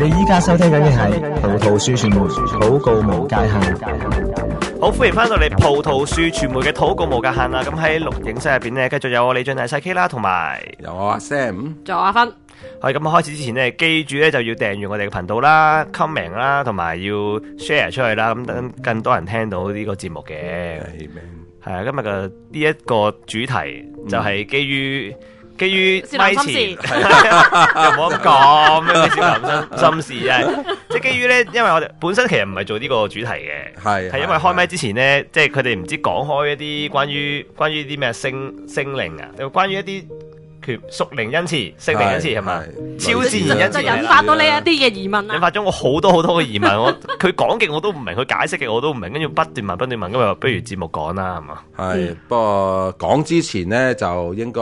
你依家收聽緊嘅係《葡萄樹傳媒禱告無界限》，好歡迎翻到嚟《葡萄樹傳媒嘅禱告無界限》啦！咁喺錄影室入邊呢，繼續有我李俊大細 K 啦，同埋有，有我阿 Sam，仲有阿芬。係咁開始之前呢，記住咧就要訂閱我哋嘅頻道啦、comment 啦，同埋要 share 出去啦，咁等更多人聽到呢個節目嘅。係、哎、啊，今日嘅呢一個主題就係基於。嗯基於咪前，唔好咁啲小男生心， 心事啫而。即 係基於咧，因為我哋本身其實唔係做呢個主題嘅，係係因為開咪之前咧，即係佢哋唔知講開一啲關於關於啲咩聲聲靈啊，又關於一啲。.屬靈恩賜，識靈恩賜係咪？超自然就，就引發到你一啲嘅疑問啦。引發咗我好多好多嘅疑問，佢講嘅我都唔明，佢解釋嘅我都唔明，跟住不斷問，不斷問，咁又不如節目講啦，係嘛？係，嗯、不過講之前咧就應該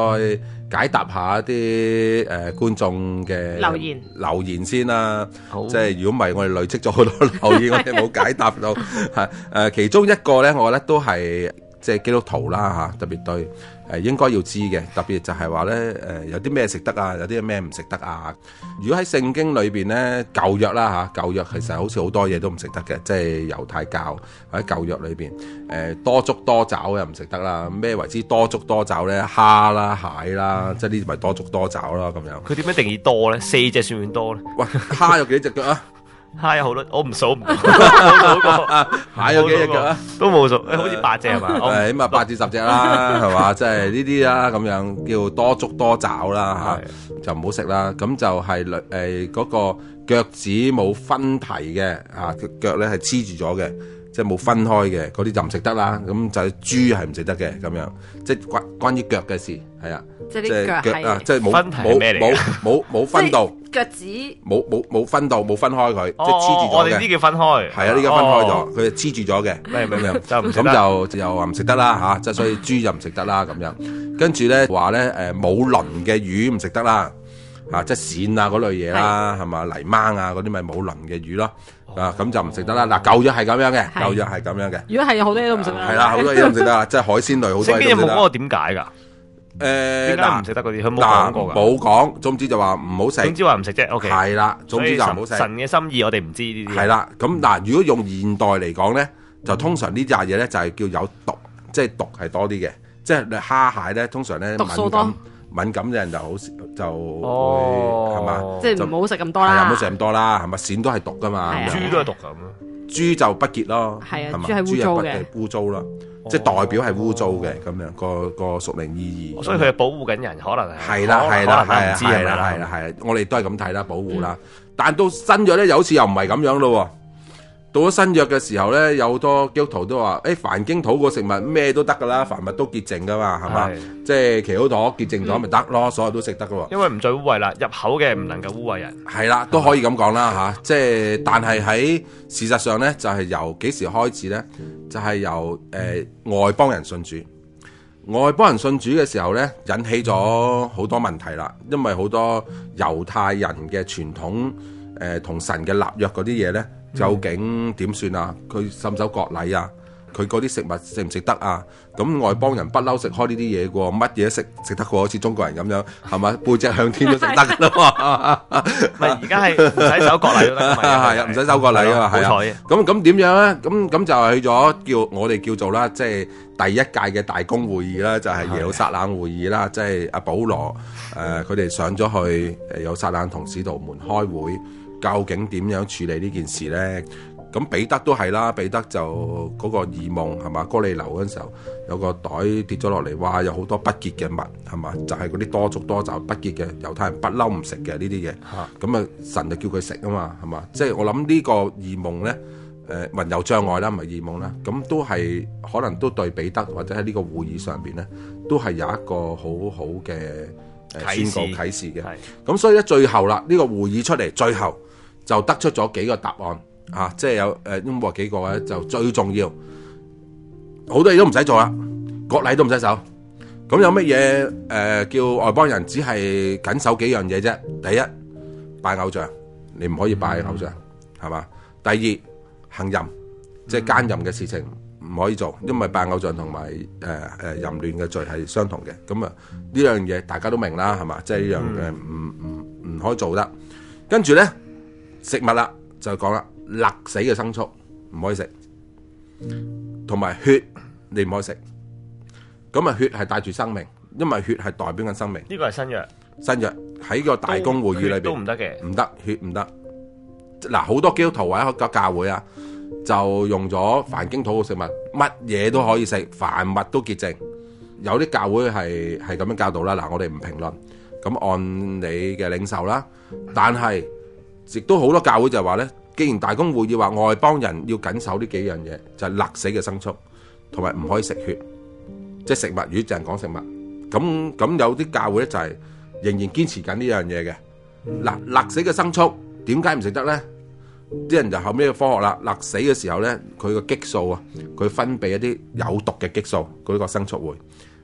解答一下啲一誒、呃、觀眾嘅留言留言先啦。好，即係如果唔係，我哋累積咗好多留言， 我哋冇解答到吓誒、啊呃，其中一個咧，我覺得都係。即係基督徒啦嚇，特別對誒應該要知嘅，特別就係話咧誒有啲咩食得啊，有啲咩唔食得啊。如果喺聖經裏邊咧舊約啦嚇，舊約其實好似好多嘢都唔食得嘅，即係猶太教或者舊約裏邊誒多足多爪又唔食得啦。咩為之多足多爪咧？蝦啦蟹啦，即係呢啲咪多足多爪咯咁樣。佢點解定義多咧？四隻算唔算多咧？喂，蝦有幾隻腳啊？ 嗨，好多我唔數唔到啊！買咗 幾隻腳啊？都冇數，好似八隻係嘛？係咁啊，是是八至十隻啦，係 嘛？即係呢啲啦，咁樣叫多足多爪啦吓、 啊，就唔好食啦。咁就係誒嗰個腳趾冇分蹄嘅啊，隻腳咧係黐住咗嘅。即係冇分開嘅嗰啲就唔食得啦，咁就豬係唔食得嘅咁樣，即係關關於腳嘅事係啊，即係腳啊，即係冇冇冇冇冇分到腳趾，冇冇冇分到冇分開佢，即係黐住咗嘅。我哋呢叫分開，係啊，呢個分開咗，佢就黐住咗嘅。明唔明啊？咁就又話唔食得啦嚇，即係所以豬就唔食得啦咁樣。跟住咧話咧誒冇鱗嘅魚唔食得啦，啊即係鱔啊嗰類嘢啦，係嘛，泥鰍啊嗰啲咪冇鱗嘅魚咯。啊，咁就唔食得啦！嗱，舊約係咁樣嘅，舊約係咁樣嘅。如果係好多嘢都唔食得。係 啦，好多嘢都唔食得，即係海鮮類好多嘢唔食嘢唔好？我點解噶？誒、欸，點解唔食得嗰啲？佢冇講過冇講、呃。總之就話唔好食。總之話唔食啫，O K。係、okay、啦，總之就唔好食。神嘅心意我哋唔知呢啲、啊。係啦，咁嗱，如果用現代嚟講咧，就通常呢啲嘢咧就係叫有毒，即、嗯、係、就是、毒係多啲嘅，即係蝦蟹咧通常咧毒素多。敏感嘅人就好，就、哦、係、啊、嘛，即係唔好食咁多啦，唔好食咁多啦，係嘛？鱔都係毒㗎嘛，豬都係毒咁，豬就不潔咯，係啊，豬係污糟嘅，污糟啦，哦、即係代表係污糟嘅咁樣、嗰個、嗰個屬名意義，所以佢係保護緊人，可能係，係啦，係啦、啊，係啦、啊，係啦、啊，係啦、啊啊啊啊啊啊啊，我哋都係咁睇啦，保護啦、嗯，但係到新約咧，有次又唔係咁樣咯。到咗新約嘅時候咧，有好多基督徒都話，誒、哎，凡經土嘅食物咩都得噶啦，凡物都潔淨噶嘛，係嘛？即係祈禱妥潔淨咗咪得咯，所有都食得噶喎。因為唔再污穢啦，入口嘅唔能夠污穢人。係啦，都可以咁講啦，吓，即係，但係喺事實上咧，就係、是、由幾時開始咧、嗯，就係、是、由誒、呃、外邦人信主，外邦人信主嘅時候咧，引起咗好多問題啦，因為好多猶太人嘅傳統。誒同神嘅立約嗰啲嘢咧，究竟點算啊？佢受唔受割禮啊？佢嗰啲食物食唔食得啊？咁外邦人不嬲食開呢啲嘢嘅喎，乜嘢都食食得嘅喎，好似中國人咁樣係咪？背脊向天都食得啦嘛，唔係而家係唔使受割禮啦，係啊，唔使受割禮啊，冇錯。咁咁點樣啊？咁咁就係去咗叫我哋叫做啦，即係第一屆嘅大公會議啦，就係耶路撒冷會議啦，即係阿保羅誒佢哋上咗去誒耶路撒冷同使徒們開會。究竟點樣處理呢件事咧？咁彼得都係啦，彼得就嗰個異夢係嘛？哥利流嗰陣時候有個袋跌咗落嚟，哇！有好多不潔嘅物係嘛？就係嗰啲多足多爪不潔嘅猶太人不嬲唔食嘅呢啲嘢。咁啊，咁就神就叫佢食啊嘛，係嘛？即係我諗呢個異夢咧，誒、呃，唔有障礙啦，唔係異夢啦，咁都係可能都對彼得或者喺呢個會議上邊咧，都係有一個好好嘅警告，啟示的，啓示嘅。咁所以咧最後啦，呢、這個會議出嚟，最後就得出咗幾個答案嚇，即、嗯、係、啊就是、有誒，有、呃、幾個咧就最重要，好多嘢都唔使做啦，國禮都唔使守。咁有乜嘢誒叫外邦人只係緊守幾樣嘢啫？第一，拜偶像，你唔可以拜偶像，係、嗯、嘛？第二，行淫，即係奸淫嘅事情。嗯嗯唔可以做，因為拜偶像同埋誒誒淫亂嘅罪係相同嘅。咁啊呢樣嘢大家都明啦，係嘛？即係呢樣嘢唔唔唔可以做得。跟住咧食物啦就講啦，勒死嘅牲畜唔可以食，同埋血你唔可以食。咁啊血係帶住生命，因為血係代表緊生命。呢個係新約，新約喺個大公會議裏邊都唔得嘅，唔得，血唔得。嗱、啊、好多基督徒或、啊、個教會啊。就用咗凡經土嘅食物，乜嘢都可以食，凡物都潔淨。有啲教會係係咁樣教導啦，嗱，我哋唔評論。咁按你嘅領袖啦，但係亦都好多教會就話咧，既然大公會議話外邦人要謹守呢幾樣嘢，就係勒死嘅牲畜，同埋唔可以食血，即係食物。如果淨係講食物，咁咁有啲教會咧就係仍然堅持緊呢樣嘢嘅。嗱，勒死嘅牲畜點解唔食得咧？啲人就後尾嘅科學啦，勒死嘅時候咧，佢個激素啊，佢分泌一啲有毒嘅激素，佢啲個牲畜會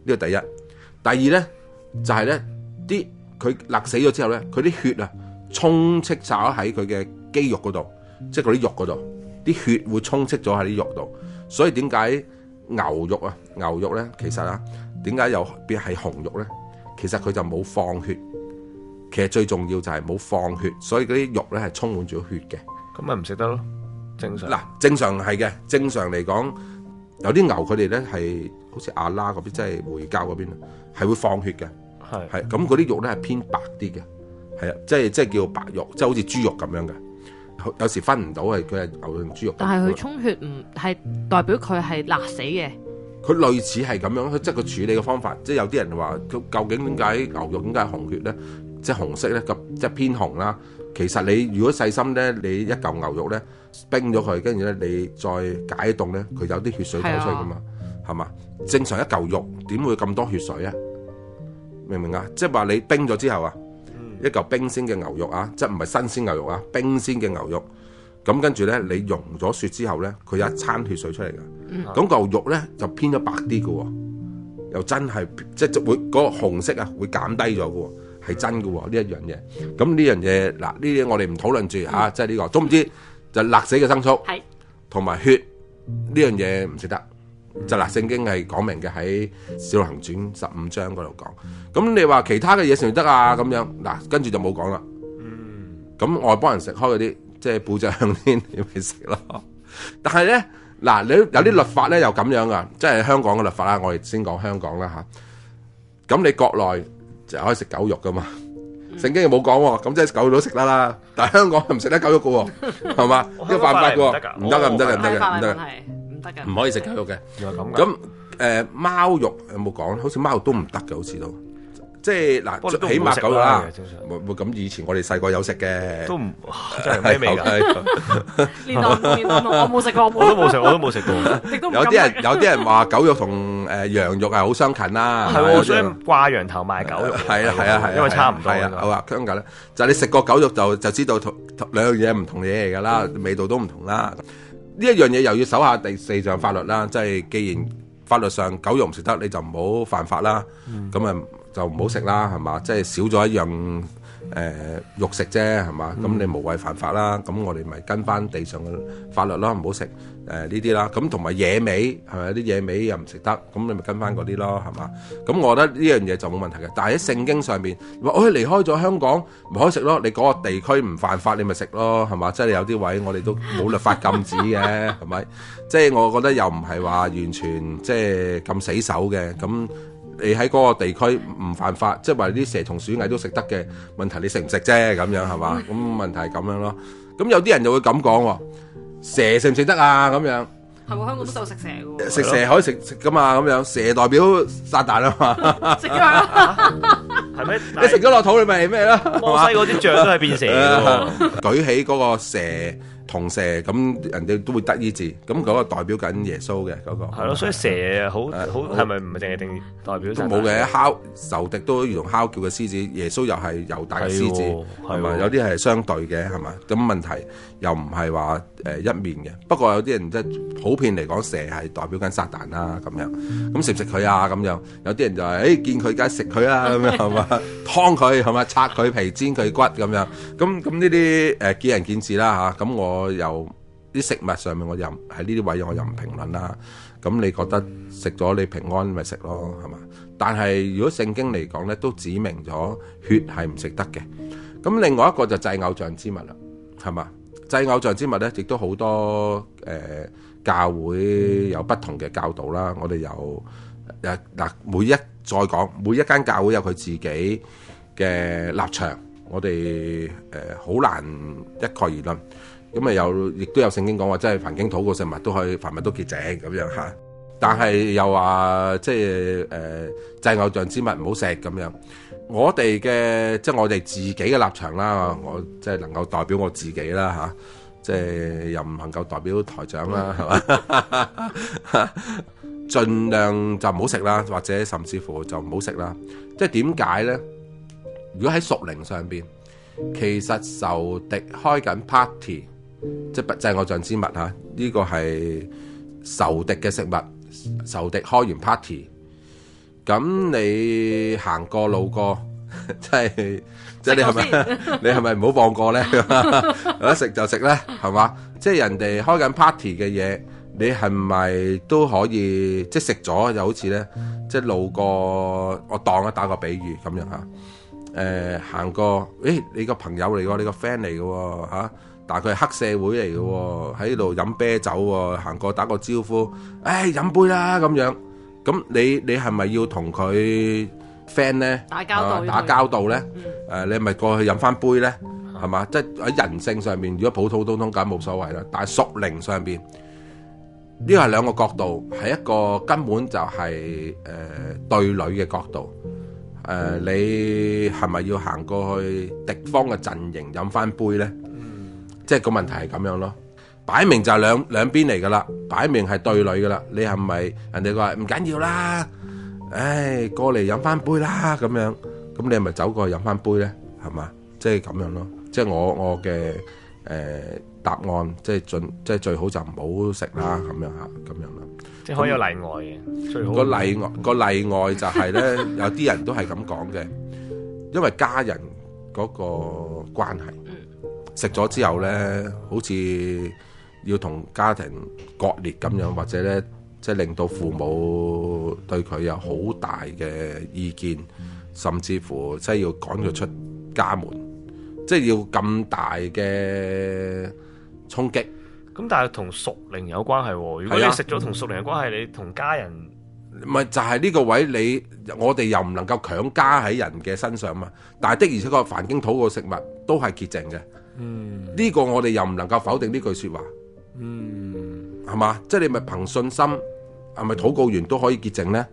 呢個，第一。第二咧就係咧啲佢勒死咗之後咧，佢啲血啊，充斥曬喺佢嘅肌肉嗰度，即係嗰啲肉嗰度啲血會充斥咗喺啲肉度。所以點解牛肉啊，牛肉咧，其實啊，點解又變係紅肉咧？其實佢就冇放血，其實最重要就係冇放血，所以嗰啲肉咧係充滿住血嘅。咁咪唔食得咯？正常嗱，正常係嘅，正常嚟講，有啲牛佢哋咧係好似阿拉嗰邊，即係回教嗰邊，係會放血嘅。係咁，嗰啲肉咧係偏白啲嘅。係啊，即係即係叫白肉，即係好似豬肉咁樣嘅。有時分唔到係佢係牛肉定豬肉，豬肉。但係佢充血唔係代表佢係辣死嘅。佢類似係咁樣，即係個處理嘅方法。即係有啲人話，究竟點解牛肉點解紅血咧？即係紅色咧，咁即係偏紅啦。其實你如果細心咧，你一嚿牛肉咧冰咗佢，跟住咧你再解凍咧，佢有啲血水流出嚟噶嘛，係嘛、啊？正常一嚿肉點會咁多血水啊？明唔明啊？即係話你冰咗之後啊，一嚿冰鮮嘅牛肉啊，即係唔係新鮮牛肉啊？冰鮮嘅牛肉，咁跟住咧你融咗雪之後咧，佢有一餐血水出嚟噶。咁牛、啊、肉咧就偏咗白啲嘅喎，又真係即係會嗰、嗰個紅色啊會減低咗嘅喎。係真嘅喎，呢一樣嘢。咁呢樣嘢嗱，呢啲我哋唔討論住嚇，即係呢個。總之就勒死嘅牲畜，同埋血呢樣嘢唔食得。就嗱，聖經係講明嘅喺《使徒行傳》十五章嗰度講。咁你話其他嘅嘢食得啊？咁樣嗱，跟住就冇講啦。咁外邦人食開嗰啲，即係補習香煙，你咪食咯。但係咧嗱，你有啲律法咧又咁樣啊，即係香港嘅律法啦。我哋先講香港啦嚇。咁你國內？成日可以食狗肉㗎嘛？聖、嗯、經又冇講喎，咁即係狗肉都食得啦。但係香港係唔食得狗肉㗎喎，哦，係 呢不是 個犯法㗎喎，唔得㗎，唔得㗎，唔得㗎，唔得㗎，唔可以食狗肉嘅。咁誒，呃，貓肉有冇講？好似貓肉都唔得㗎，好似都。即係嗱，起碼狗肉、那個、啦，冇咁以前我哋細個有食嘅，都唔真係美味噶。年年年，我冇食過，我,過 我都冇食，我都冇食過。 食有啲人有啲人話狗肉同誒羊肉係好相近啦，係 喎、啊，掛羊頭賣狗肉，係 啊係啊係啊,啊，因為差唔多,、啊啊啊啊、多。係啊，就是、 好啊香緊咧，就係、你食過狗肉就就知道兩同兩樣嘢唔同嘢嚟噶啦、嗯，味道都唔同啦。呢一樣嘢又要守下第四樣法律啦，即係既然法律上狗肉唔食得，你就唔好犯法啦。咁啊～就唔好食啦，係嘛？即係少咗一樣誒、呃、肉食啫，係嘛？咁你無謂犯法啦。咁我哋咪跟翻地上嘅法律咯，唔好食誒呢啲啦。咁同埋野味係咪？啲野味又唔食得，咁你咪跟翻嗰啲咯，係嘛？咁我覺得呢樣嘢就冇問題嘅。但係喺聖經上面，話我哋離開咗香港唔可以食咯。你嗰個地區唔犯法，你咪食咯，係嘛？即係有啲位我哋都冇律法禁止嘅，係 咪？即係我覺得又唔係話完全即係咁死守嘅咁。你喺嗰個地區唔犯法，即係話啲蛇蟲鼠蟻都食得嘅問題，你食唔食啫？咁樣係嘛？咁問題係咁樣咯。咁有啲人就會咁講喎，蛇食唔食得啊？咁樣係咪，香港都都有食蛇嘅喎。食蛇可以食食噶嘛？咁樣蛇代表撒旦啊嘛？係咪？你食咗落肚你咪咩啦？摩西嗰啲象都係變蛇，舉起嗰個蛇。銅蛇咁，人哋都會得醫治，咁嗰個代表緊耶穌嘅嗰個。係咯，所以蛇好好係咪唔係淨係定代表？都冇嘅，吼，仇敵都如同吼叫嘅獅子，耶穌又係猶大嘅獅子，係嘛？有啲係相對嘅，係嘛？咁問題又唔係話誒一面嘅，不過有啲人即係普遍嚟講，蛇係代表緊撒旦啦，咁樣咁食唔食佢啊？咁樣有啲人就係誒見佢梗係食佢啦，咁樣係嘛？劏佢係嘛？拆佢皮煎佢骨咁樣，咁咁呢啲誒見仁見智啦嚇。咁我。我又啲食物上面，我又喺呢啲位，我又唔評論啦。咁你覺得食咗你平安咪食咯，係嘛？但係如果聖經嚟講咧，都指明咗血係唔食得嘅。咁另外一個就祭偶像之物啦，係嘛？祭偶像之物咧，亦都好多誒、呃、教會有不同嘅教導啦。我哋有誒嗱，每一再講每一間教會有佢自己嘅立場，我哋誒好難一概而論。咁咪又亦都有聖經講話，即係凡經土嘅食物都可以，凡物都潔淨咁樣，但係又話即係誒、呃、祭偶像之物唔好食咁樣。我哋嘅即係我哋自己嘅立場啦，我即係能夠代表我自己啦、啊、即係又唔能夠代表台長啦，係、嗯、嘛？ 盡量就唔好食啦，或者甚至乎就唔好食啦。即係點解咧？如果喺屬靈上面，其實仇敵開緊 party。即係不制偶像之物吓，呢、啊，呢個係仇敵嘅食物，仇敵開完 party，咁你行過路過，呵呵即係即係你係咪你係咪唔好放過咧？咁 啊，食就食啦，係嘛？即係人哋開緊 party 嘅嘢，你係咪都可以即係食咗就好似咧，即係路過我當一打個比喻咁樣吓，誒、啊、行過誒你個朋友嚟，你個 friend 嚟噶吓。啊但佢係黑社會嚟嘅喎，喺度飲啤酒喎，行過打個招呼，唉，飲杯啦咁樣。咁你你係咪要同佢 friend 咧？打交道，打交道咧？誒，你咪過去飲返杯咧？係嘛？即喺人性上面，如果普普通通梗冇所謂啦。但係屬靈上面，呢個係兩個角度，係一個根本就係誒對壘嘅角度。誒，你係咪要行過去敵方嘅陣營飲返杯咧？即係個問題係咁樣咯，擺明就係兩兩邊嚟噶啦，擺明係對壘噶啦。你係咪人哋話唔緊要啦？唉，過嚟飲翻杯啦咁樣，咁你係咪走過去飲翻杯咧？係嘛？即係咁樣咯。即係我我嘅誒答案，即係盡即係最好就唔好食啦咁樣嚇，咁樣啦。即係可以例外嘅，最好個例外個例外就係咧，有啲人都係咁講嘅，因為家人嗰個關係。食咗之後咧，好似要同家庭割裂咁樣，或者咧，即係令到父母對佢有好大嘅意見，甚至乎即係要趕佢出家門，嗯、即係要咁大嘅衝擊。咁但係同屬靈有關係喎。如果你食咗同屬靈嘅關係，啊、你同家人唔係就係呢個位，你我哋又唔能夠強加喺人嘅身上嘛。但係的而且確，凡進肚個食物都係潔淨嘅。呢、嗯，這個我哋又唔能夠否定呢句說話，嗯，係嘛？即係你咪憑信心，係咪禱告完都可以潔淨咧？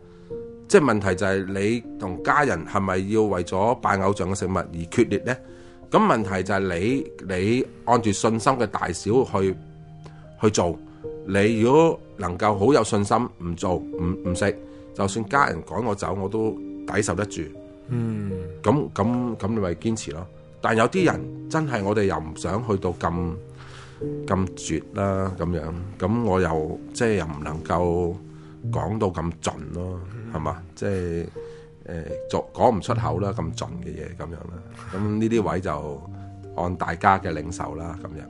即係問題就係你同家人係咪要為咗拜偶像嘅食物而決裂咧？咁問題就係你你按住信心嘅大小去去做，你如果能夠好有信心，唔做唔唔食，就算家人趕我走，我都抵受得住。嗯，咁咁咁，你咪堅持咯。但有啲人真係我哋又唔想去到咁咁絕啦、啊、咁樣，咁我又即係又唔能夠講到咁盡咯，係嘛？即係誒，做講唔出口啦、啊，咁盡嘅嘢咁樣啦。咁呢啲位就按大家嘅領受啦、啊，咁樣。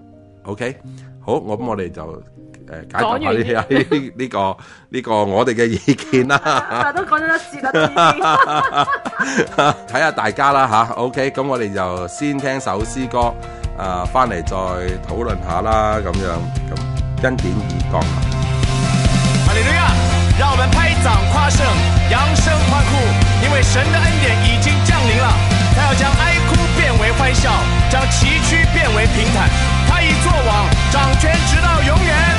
OK，好，我咁我哋就。解下講解讀呢呢個呢、這個我哋嘅意見啦，都講咗一節啦，睇下大家啦嚇、啊。OK，咁我哋就先聽首詩歌，返翻嚟再討論下啦，咁樣咁，恩典已降臨。哈利路亞，讓我們拍掌誇勝，揚聲歡呼，因為神的恩典已經降臨了。他要將哀哭變為歡笑，將崎嶇變為平坦。他已做王掌權，直到永遠。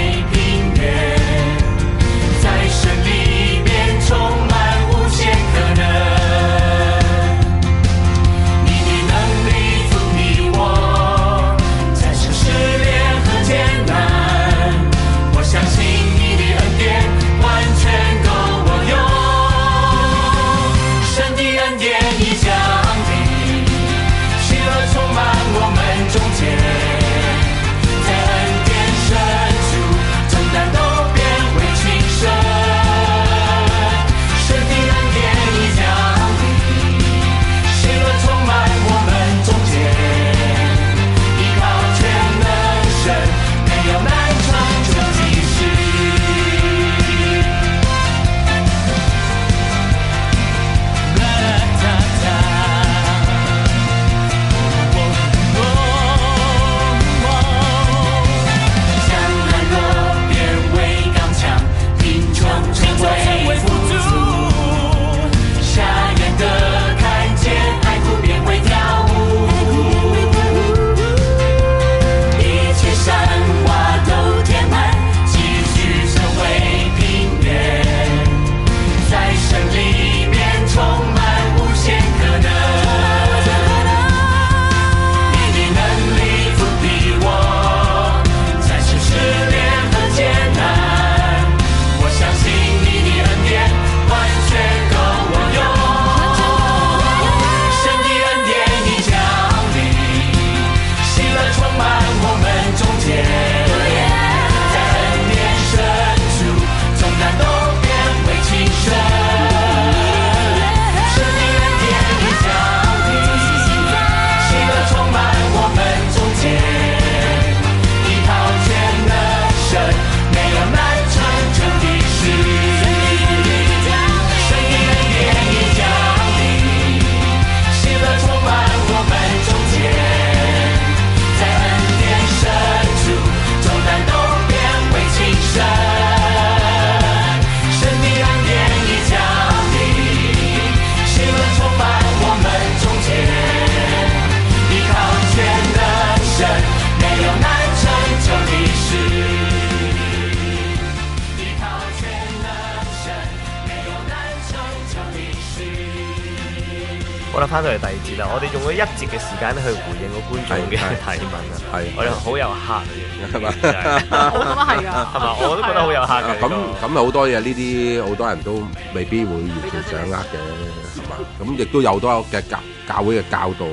翻到嚟第二節啦，我哋用咗一節嘅時間咧去回應個觀眾嘅提問。 啊，係我又好有客嘅，係嘛，好啊，係啊，係嘛，我都覺得好有客嘅。咁咁好多嘢，呢啲好多人都未必會完全掌握嘅，係嘛。咁亦都有多嘅教教會嘅教導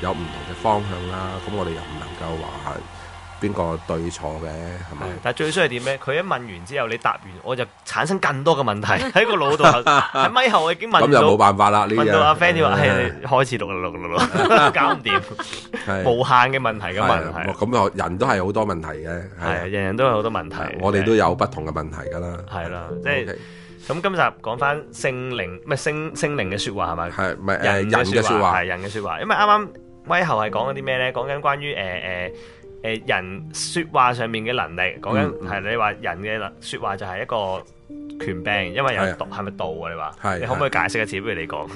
有唔同嘅方向啦。咁我哋又唔能夠話係。邊個對錯嘅係咪？但係最衰係點咧？佢一問完之後，你答完，我就產生更多嘅問題喺個腦度，喺咪後我已經問到咁就冇辦法啦。你問到阿 Fanny，你話係開始錄錄錄錄，搞唔掂，無限嘅問題嘅問題。咁啊，人都係好多問題嘅，係人人都有好多問題，我哋都有不同嘅問題噶啦，係啦。即係咁，今集講翻聖靈咩？聖聖靈嘅說話係咪？係咪人嘅說話？係人嘅說話。因為啱啱咪後係講緊啲咩咧？講緊關於誒誒。誒，人說話上面嘅能力，講緊係你話人嘅能、嗯、說話就係一個權柄，嗯、因為有道係咪道啊？你話，你可唔可以解釋、嗯、 一次不如你講？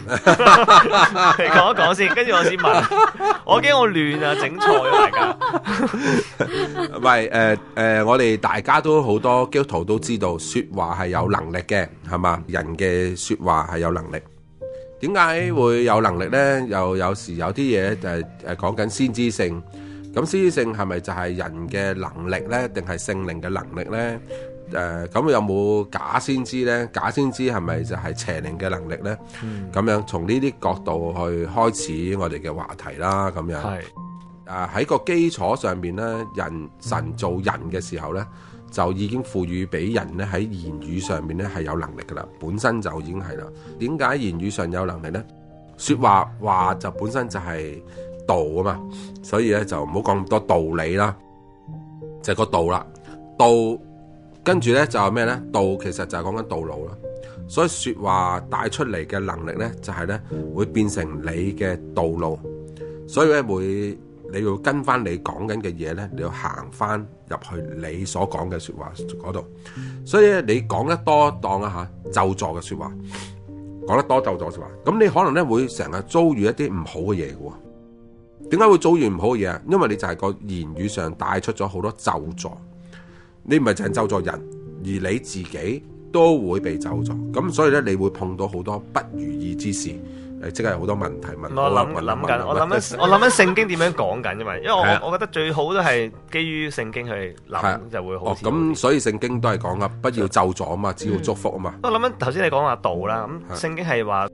你講一講先，跟住我先問。我驚我亂啊，整錯咗。大家。喂、 嗯，誒、嗯、誒、 啊呃啊，我哋大家都好多基督徒都知道說話係有能力嘅，係嘛？人嘅說話係有能力，點解會有能力咧？又有時有啲嘢，誒誒、講、啊、緊、啊啊、先知性。咁思，思性係咪就係人嘅能力咧？定係聖靈嘅能力咧？誒、呃，咁有冇假先知咧？假先知係咪就係邪靈嘅能力咧？咁、嗯、樣從呢啲角度去開始我哋嘅話題啦。咁樣係，喺、呃、個基礎上面咧，人神造人嘅時候咧、嗯，就已經賦予俾人咧，喺言語上面咧係有能力噶啦，本身就已經係啦。點解言語上有能力咧？說話話就本身就係、是。道啊嘛，所以咧就唔好講咁多道理啦，就係個道啦，道跟住咧就係咩咧？道其實就係講緊道路啦。所以說話帶出嚟嘅能力咧，就係咧會變成你嘅道路。所以咧會你要跟翻你講緊嘅嘢咧，你要行翻入去你所講嘅說話嗰度。所以咧你講得多當一下，咒詛嘅說話講得多咒詛說話，咁你可能咧會成日遭遇一啲唔好嘅嘢嘅喎。點解會做完唔好嘅嘢？因為你就係個言語上帶出咗好多咒詛。你唔係淨係咒詛人，而你自己都會被咒詛。咁所以咧，你會碰到好多不如意之事，誒，即係好多問題、問、問號、問問題。我諗諗緊，我諗緊，我諗緊聖經點樣講緊，因為因為、啊、我、啊、我覺得最好都係基於聖經去諗，就會好。哦，咁所以聖經都係講啊，不要咒詛啊嘛，只要祝福啊嘛。嗯、我諗緊頭先你講下道啦，咁、嗯啊、聖經係話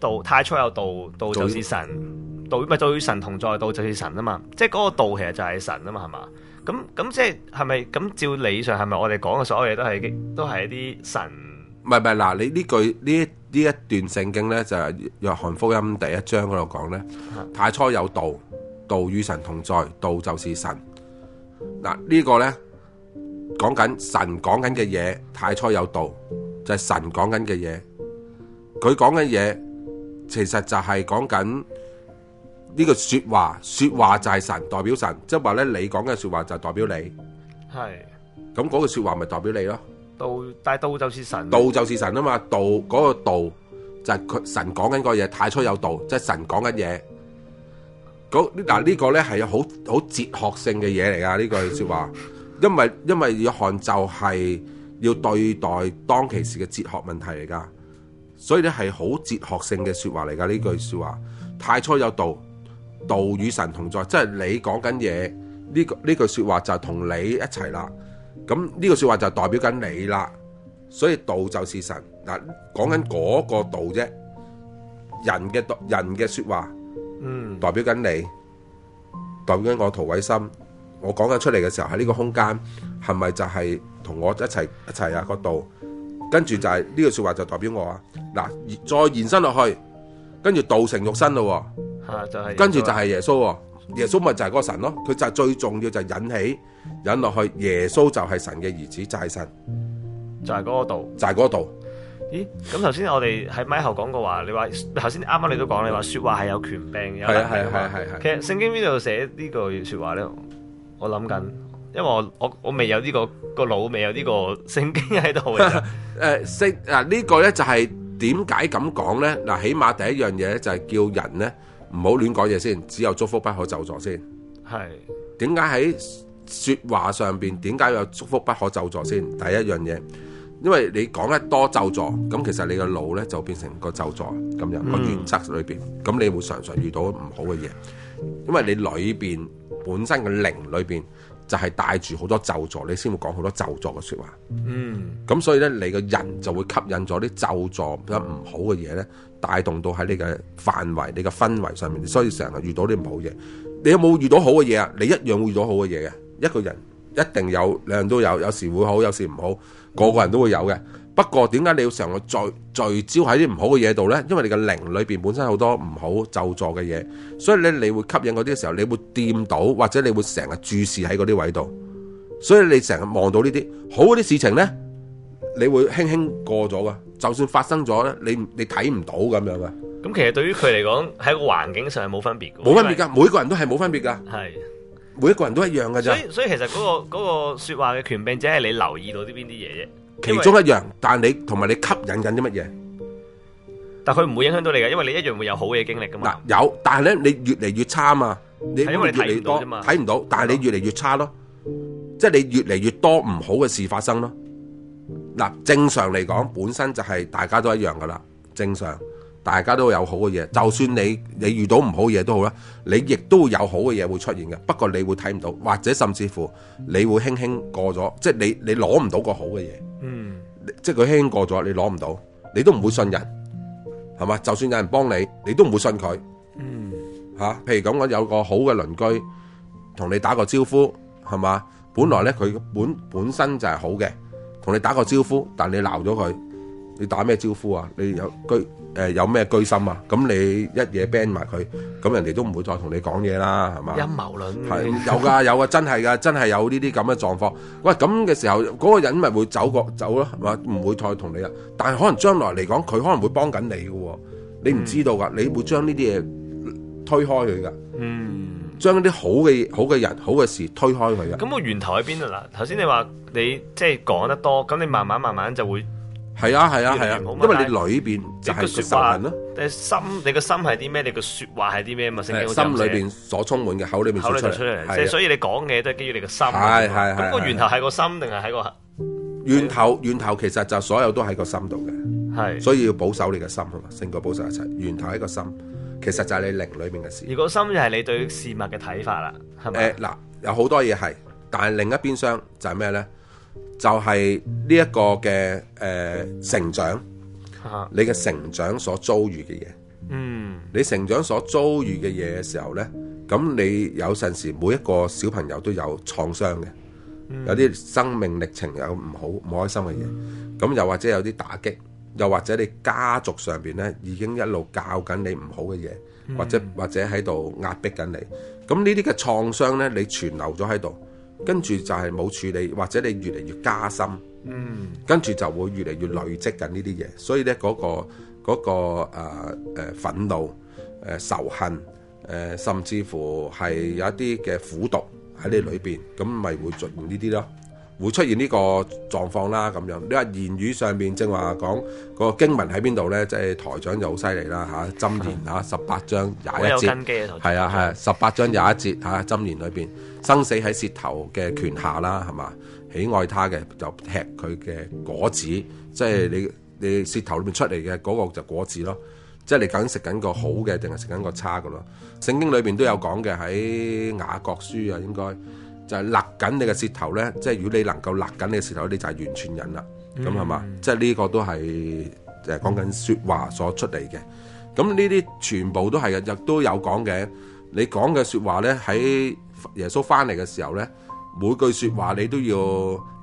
道，太初有道，道就是神。道咪，道與神同在，道就是神啊嘛！即係嗰個道其實就係神啊嘛，係嘛？咁咁即係係咪？咁照理上係咪我哋講嘅所有嘢都係都係啲神？唔係唔係嗱，你呢句呢呢一段聖經咧就係《約翰福音》第一章嗰度講咧，太初有道，道與神同在，道就是神。嗱呢個咧講緊神講緊嘅嘢，太初有道就係神講緊嘅嘢，佢講緊嘢其實就係講緊。呢、這個說話，說話就係神，代表神，即係話咧，你講嘅說話就代表你。係，咁嗰個說話咪代表你咯？道但係道就是神，道就是神啊嘛，道嗰、那個道就係、是、佢神講緊個嘢，太初有道，即、就、係、是、神講緊嘢。嗱、這個、呢個咧係好好哲學性嘅嘢嚟噶，呢句說話， 因為因為約翰就係要對待當其時嘅哲學問題嚟噶，所以咧係好哲學性嘅說話嚟噶呢句說話，太初有道。道與神同在，即係你講緊嘢呢個呢句說話就係同你一齊啦。咁呢個說話就代表緊你啦。所以道就是神嗱，講緊嗰個道啫。人嘅道，人嘅說話，嗯，代表緊你，代表緊我。陶偉心，我講緊出嚟嘅時候喺呢個空間，係咪就係同我一齊一齊啊？個道，跟住就係呢個說話就代表我啊。嗱，再延伸落去，跟住道成肉身咯。啊，就係跟住就係耶穌，耶穌咪、哦、就係個神咯。佢就係、是、最重要就係引起引落去耶穌就係神嘅兒子，祭神，就係嗰個道。就係、是、嗰、就是、咦？咁頭先我哋喺咪後講過話，你話頭先啱啱你都講，你話說，說話係有權柄，嘅係啊係係係。其實聖經邊度寫呢個說話咧？我諗緊，因為我我、這個、我未有、這個我有個 啊這個、呢個個腦未有呢個聖經喺度。誒，聖嗱呢個咧就係點解咁講咧嗱？起碼第一樣嘢就係叫人咧。唔好亂講嘢先，只有祝福不可咒詛。先。係點解喺説話上邊點解有祝福不可咒詛？先？第一樣嘢，因為你講得多咒詛，咁其實你個腦咧就變成個咒詛。咁樣。個原則裏邊，咁、嗯、你會常常遇到唔好嘅嘢，因為你裏邊本身嘅靈裏邊。就係、是、帶住好多咒詛，你先會講好多咒詛嘅說話。嗯，咁所以咧，你個人就會吸引咗啲咒詛嘅唔好嘅嘢咧，帶動到喺你嘅範圍、你嘅氛圍上面。所以成日遇到啲唔好嘢，你有冇遇到好嘅嘢啊？你一樣會遇到好嘅嘢嘅。一個人一定有，兩人都有，有時會好，有時唔好，個個人都會有嘅。不過點解你要成日聚聚焦喺啲唔好嘅嘢度咧？因為你嘅靈裏邊本身好多唔好就座嘅嘢，所以咧，你會吸引嗰啲嘅時候，你會掂到或者你會成日注視喺嗰啲位度，所以你成日望到呢啲好嗰啲事情咧，你會輕輕過咗噶。就算發生咗咧，你你睇唔到咁樣嘅。咁其實對於佢嚟講，喺個環境上係冇分別噶，冇分別噶，每一個人都係冇分別噶，係每一個人都一樣噶咋。所以所以其實嗰個嗰個說話嘅權柄只係你留意到啲邊啲嘢啫。其中一樣，但係你同埋你吸引緊啲乜嘢？但佢唔會影響到你嘅，因為你一樣會有好嘅經歷噶嘛。嗱、啊，有，但係咧，你越嚟越差嘛。你因為睇唔到啫嘛，睇唔到，但係你越嚟越差咯。即係你越嚟越多唔好嘅事發生咯。嗱、啊，正常嚟講，本身就係大家都一樣噶啦，正常。大家都有好嘅嘢，就算你你遇到唔好嘅嘢都好啦，你亦都會有好嘅嘢會出現嘅。不過你會睇唔到，或者甚至乎你會輕輕過咗，即係你你攞唔到個好嘅嘢。嗯，即係佢輕輕過咗，你攞唔到，你都唔會信人係嘛？就算有人幫你，你都唔會信佢。嗯，吓、譬如咁我有個好嘅鄰居同你打個招呼係嘛？本來咧佢本本身就係好嘅，同你打個招呼，但你鬧咗佢，你打咩招呼啊？你有句呃、有咩居心啊？咁你一嘢 ban 埋佢，咁人哋都唔會再同你講嘢啦，係嘛？陰謀論係有㗎，有㗎，真係㗎，真係有呢啲咁嘅狀況。喂，咁嘅時候嗰、嗰個人咪會走過走咯，係嘛？唔會再同你啊。但係可能將來嚟講，佢可能會幫緊你喎。你唔知道㗎、嗯。你會將呢啲嘢推開佢㗎。嗯，將啲好嘅好嘅人好嘅事推開佢㗎。咁、嗯、個源頭喺邊度啦，頭先你話你即係、就是、講得多，咁你慢慢慢慢就會。係啊係啊係啊，啊，啊，因為你裏邊就係說話人咯、啊。但係，心，你個心係啲咩？你個說話係啲咩嘛？心裏邊所充滿嘅，口裏邊說出嚟。即係、啊、所以你講嘅都係基於你個心。係係係。咁個源頭係個心定係喺個？源頭源頭其實就是所有都喺個心度嘅。係、啊。所以要保守你個心啊嘛，勝過保守一切。源頭喺個心，其實就係你靈裏邊嘅事。如、這、果、個、心就係你對事物嘅睇法啦，係咪？誒嗱，有好多嘢係，但係另一邊廂就係咩咧？就係呢一個嘅誒、呃、成長，啊、你嘅成長所遭遇嘅嘢，嗯，你成長所遭遇嘅嘢嘅時候呢，咁你有陣時每一個小朋友都有創傷嘅，有啲生命歷程有唔好唔開心嘅嘢，咁、嗯、又或者有啲打擊，又或者你家族上邊呢已經一路教緊你唔好嘅嘢、嗯，或者或者喺度壓迫緊你，咁呢啲嘅創傷呢，你存留咗喺度。跟住就係冇處理，或者你越嚟越加深，嗯，跟住就會越嚟越累積緊呢啲嘢，所以咧嗰、個嗰、個誒憤怒、呃誒、呃、仇恨誒、呃，甚至乎係有一啲嘅苦毒喺你裏邊，咁、嗯、咪會出現呢啲咯，會出現呢個狀況啦咁樣。你話言語上面說，正話講個經文喺邊度咧？即係台長就好犀利啦嚇，箴言嚇十八章廿一節，係啊係啊，十八章、啊廿一節嚇箴言裏邊。嗯生死喺舌頭嘅權下啦，係、嗯、嘛？喜愛他嘅就吃佢嘅果子，嗯、即係你你舌頭裏面出嚟嘅嗰個就是果子咯。即係你究竟食緊個好嘅，定係食緊個差嘅咯？聖經裏邊都有講嘅，喺雅各書啊，應該就係勒緊你嘅舌頭咧。即係如果你能夠勒緊你嘅舌頭，你就係完全人啦。咁係嘛？即係呢個都係誒講緊説話所出嚟嘅。咁呢啲全部都係，亦都有講嘅。你講嘅説話咧喺，在耶穌翻嚟嘅時候咧，每句說話你都要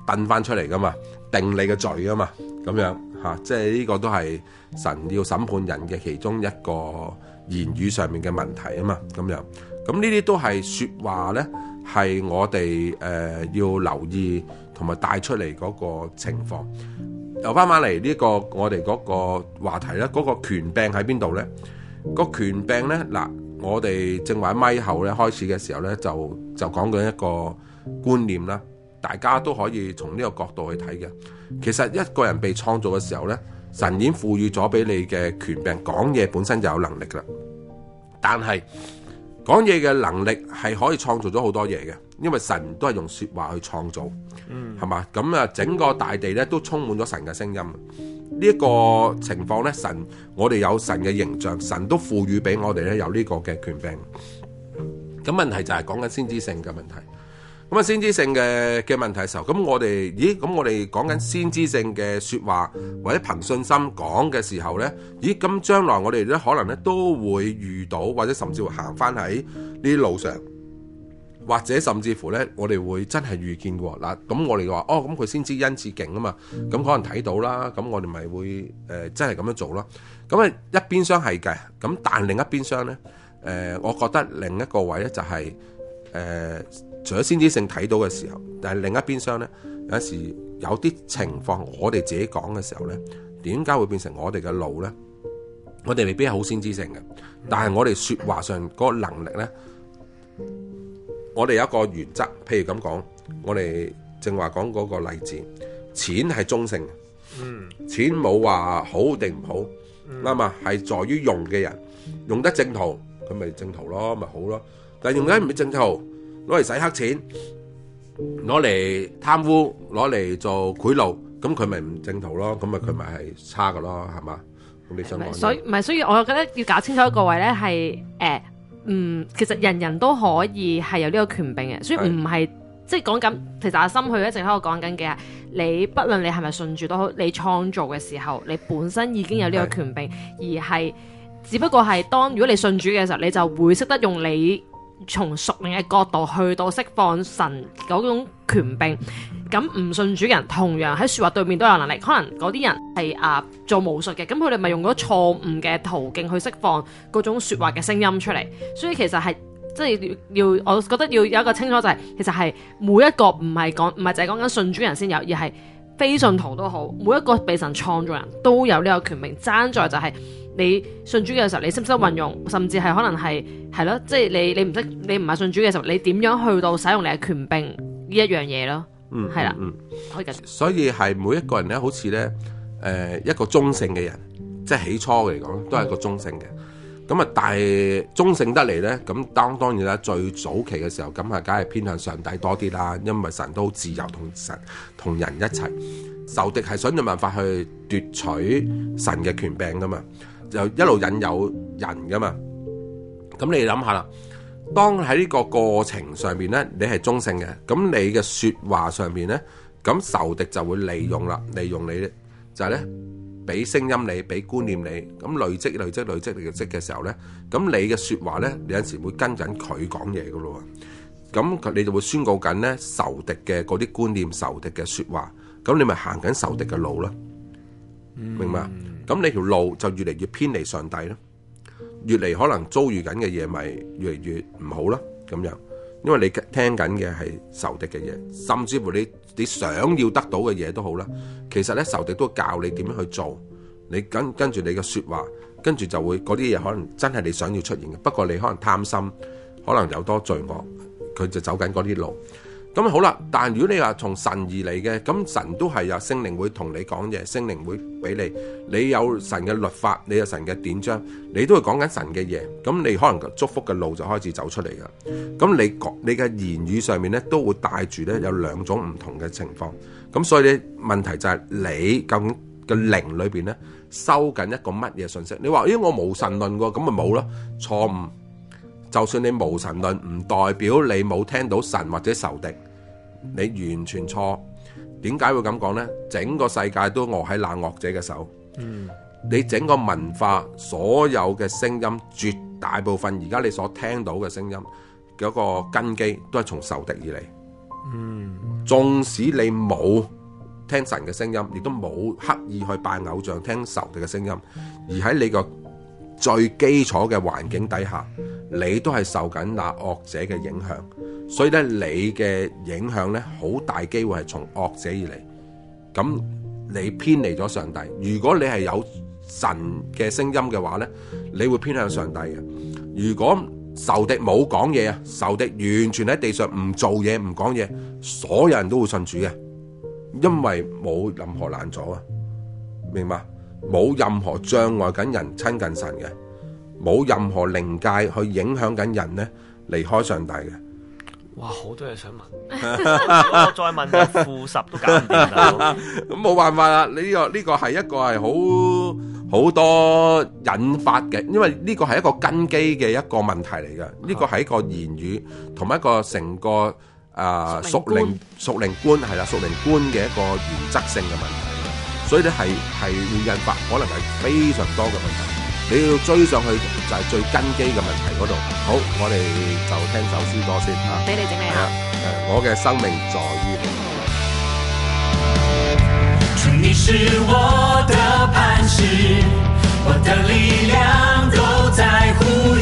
掟翻出嚟噶嘛，定你嘅罪噶嘛，咁樣吓、啊，即係呢個都係神要審判人嘅其中一個言語上面嘅問題啊嘛，咁樣，咁呢啲都係說話咧，係我哋誒、呃、要留意同埋帶出嚟嗰個情況。又翻返嚟呢個我哋嗰個話題咧，嗰、嗰個權柄喺邊度咧？嗰個權柄咧嗱。我哋正話喺咪後咧開始嘅時候咧，就就講緊一個觀念啦，大家都可以從呢個角度去睇嘅。其實一個人被創造嘅時候咧，神已經賦予咗俾你嘅權柄，講嘢本身就有能力㗎啦。但係講嘢嘅能力係可以創造咗好多嘢嘅，因為神都係用說話去創造，嗯，係嘛？咁啊，整個大地咧都充滿咗神嘅聲音。呢一個情況咧，神，我哋有神嘅形象，神都賦予俾我哋咧有呢個嘅權柄。咁問題就係講緊先知性嘅問題。咁啊，先知性嘅嘅問題時候，咁我哋，咦，咁我哋講緊先知性嘅説話，或者憑信心講嘅時候呢，咦，咁將來我哋咧可能咧都會遇到，或者甚至會行翻喺呢啲路上。或者甚至乎咧，我哋會真係預見喎嗱，咁我哋話哦，咁佢先知恩賜勁啊嘛，咁可能睇到啦，咁我哋咪會誒、呃、真係咁樣做咯。咁啊一邊廂係嘅，咁但另一邊廂咧，誒、呃、我覺得另一個位咧就係、是、誒、呃，除咗先知性睇到嘅時候，但係另一邊廂咧有時有啲情況，我哋自己講嘅時候咧，點解會變成我哋嘅路咧？我哋未必係好先知性嘅，但係我哋説話上嗰、那個能力咧。我哋有一個原則，譬如咁講，我哋正話講嗰個例子，錢係中性，嗯，錢冇話好定唔好，啱啊，係在於用嘅人，用得正途，佢咪正途咯，咪、就是、好咯。但係用得唔正途，攞嚟使黑錢，攞嚟貪污，攞嚟做賄賂，咁佢咪唔正途咯，咁咪佢咪係差㗎咯，係、嗯、嘛？咁你想講？所以唔係，所以我覺得要搞清楚一個位咧，係、呃嗯，其實人人都可以係有呢個權柄嘅，所以唔係即係講緊，其實阿心佢一直喺度講緊嘅，你不論你係咪信主都好，你創造嘅時候，你本身已經有呢個權柄，係而係只不過係當如果你信主嘅時候，你就會識得用你從屬命嘅角度去到釋放神嗰種權柄。咁唔信主人，同樣喺說話對面都有能力。可能嗰啲人係啊做武術嘅，咁佢哋咪用咗錯誤嘅途徑去釋放嗰種說話嘅聲音出嚟。所以其實係即係要，我覺得要有一個清楚就係、是、其實係每一個唔係講唔係就係講緊信主人先有，而係非信徒都好，每一個被神創造人都有呢個權柄。爭在就係你信主嘅時候，你識唔識運用，甚至係可能係係咯，即係你你唔識你唔係信主嘅時候，你點樣去到使用你嘅權柄呢一樣嘢咯？嗯，係、嗯、啦，嗯，所以係每一個人咧，好似咧，誒、呃，一個中性嘅人，即係起初嚟講，都係個中性嘅。咁啊，但係中性得嚟咧，咁當當然啦，最早期嘅時候，咁啊，梗係偏向上帝多啲啦，因為神都好自由同神同人一齊，仇敵係想盡辦法去奪取神嘅權柄噶嘛，就一路引誘人噶嘛，咁你諗下啦。當喺呢個過程上面咧，你係中性嘅，咁你嘅說話上面咧，咁仇敵就會利用啦，利用你就係咧俾聲音你，俾觀念你，咁累積累積累積累積嘅時候咧，咁你嘅說話咧，你有陣時會跟緊佢講嘢噶咯，咁你就會宣告緊咧仇敵嘅嗰啲觀念，仇敵嘅說話，咁你咪行緊仇敵嘅路咯，明白？咁你條路就越嚟越偏離上帝咯。越嚟可能遭遇緊嘅嘢咪越嚟越唔好咯，咁樣，因為你聽緊嘅係仇敵嘅嘢，甚至乎你你想要得到嘅嘢都好啦，其實咧仇敵都教你點樣去做，你跟跟住你嘅說話，跟住就會嗰啲嘢可能真係你想要出現嘅，不過你可能貪心，可能有多罪惡，佢就走緊嗰啲路。咁好啦，但如果你話從神而嚟嘅，咁神都係有聖靈會同你講嘢，聖靈會俾你，你有神嘅律法，你有神嘅典章，你都會講緊神嘅嘢，咁你可能祝福嘅路就開始走出嚟㗎。咁你講你嘅言語上面咧，都會帶住咧有兩種唔同嘅情況。咁所以咧問題就係你究竟嘅靈裏邊咧收緊一個乜嘢信息？你話咦，我無神論喎，咁咪冇咯？錯誤。就算你無神論，唔代表你冇聽到神或者仇敵，你完全錯。點解會咁講呢？整個世界都臥喺那惡者嘅手。嗯，你整個文化所有嘅聲音，絕大部分而家你所聽到嘅聲音，嗰個根基都係從仇敵而嚟。嗯，縱使你冇聽神嘅聲音，亦都冇刻意去拜偶像聽仇敵嘅聲音，而喺你個最基礎嘅環境底下，你都係受緊那惡者嘅影響，所以咧你嘅影響咧好大機會係從惡者而嚟。咁你偏離咗上帝。如果你係有神嘅聲音嘅話咧，你會偏向上帝嘅。如果仇敵冇講嘢啊，仇敵完全喺地上唔做嘢唔講嘢，所有人都會信主嘅，因為冇任何攔阻啊。明白？冇任何障礙緊人親近神嘅，冇任何靈界去影響緊人咧離開上帝嘅。哇，好多嘢想問，我再問你負十都搞唔掂啦。咁冇辦法啦，呢個呢個係一個係好好多引發嘅，因為呢個係一個根基嘅一個問題嚟嘅，呢個係一個言語同埋一個成個啊屬靈屬靈觀係啦，屬靈觀嘅一個原則性嘅問題。所以咧係係會引發，可能係非常多嘅問題。你要追上去就係最根基嘅問題嗰度。好，我哋就聽首詩歌先吓。俾你整理下啊？誒，我嘅生命在於你。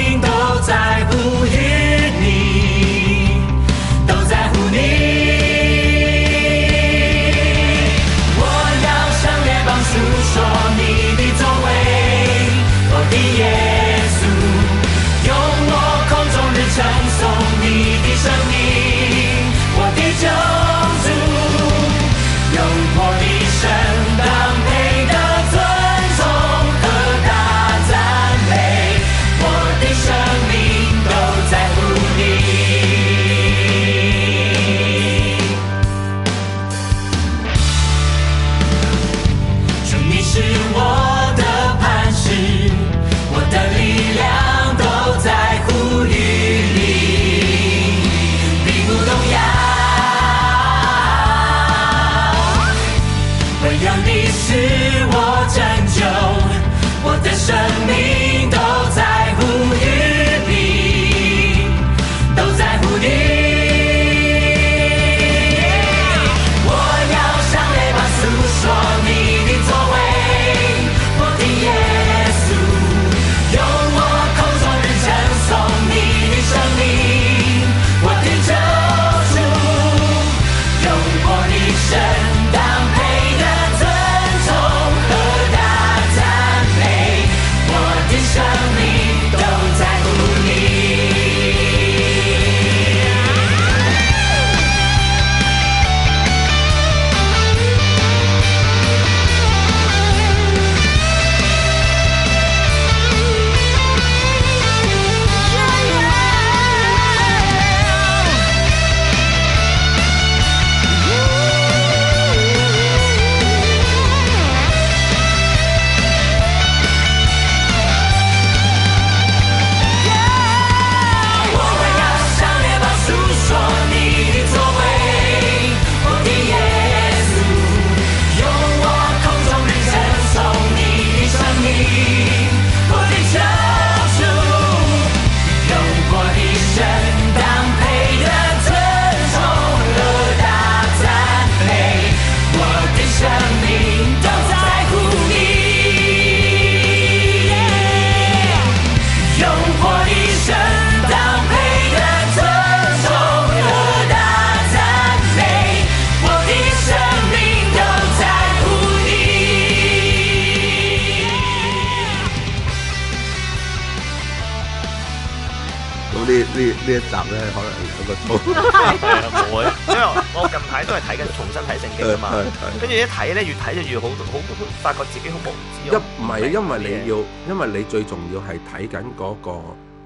呢一集咧，可能兩個鍾。冇啊，因為我近排都係睇緊重新睇聖經啊嘛。跟住一睇咧，越睇就越好好發覺自己好無知啊。一唔係因為你要，因為你最重要係睇緊嗰個，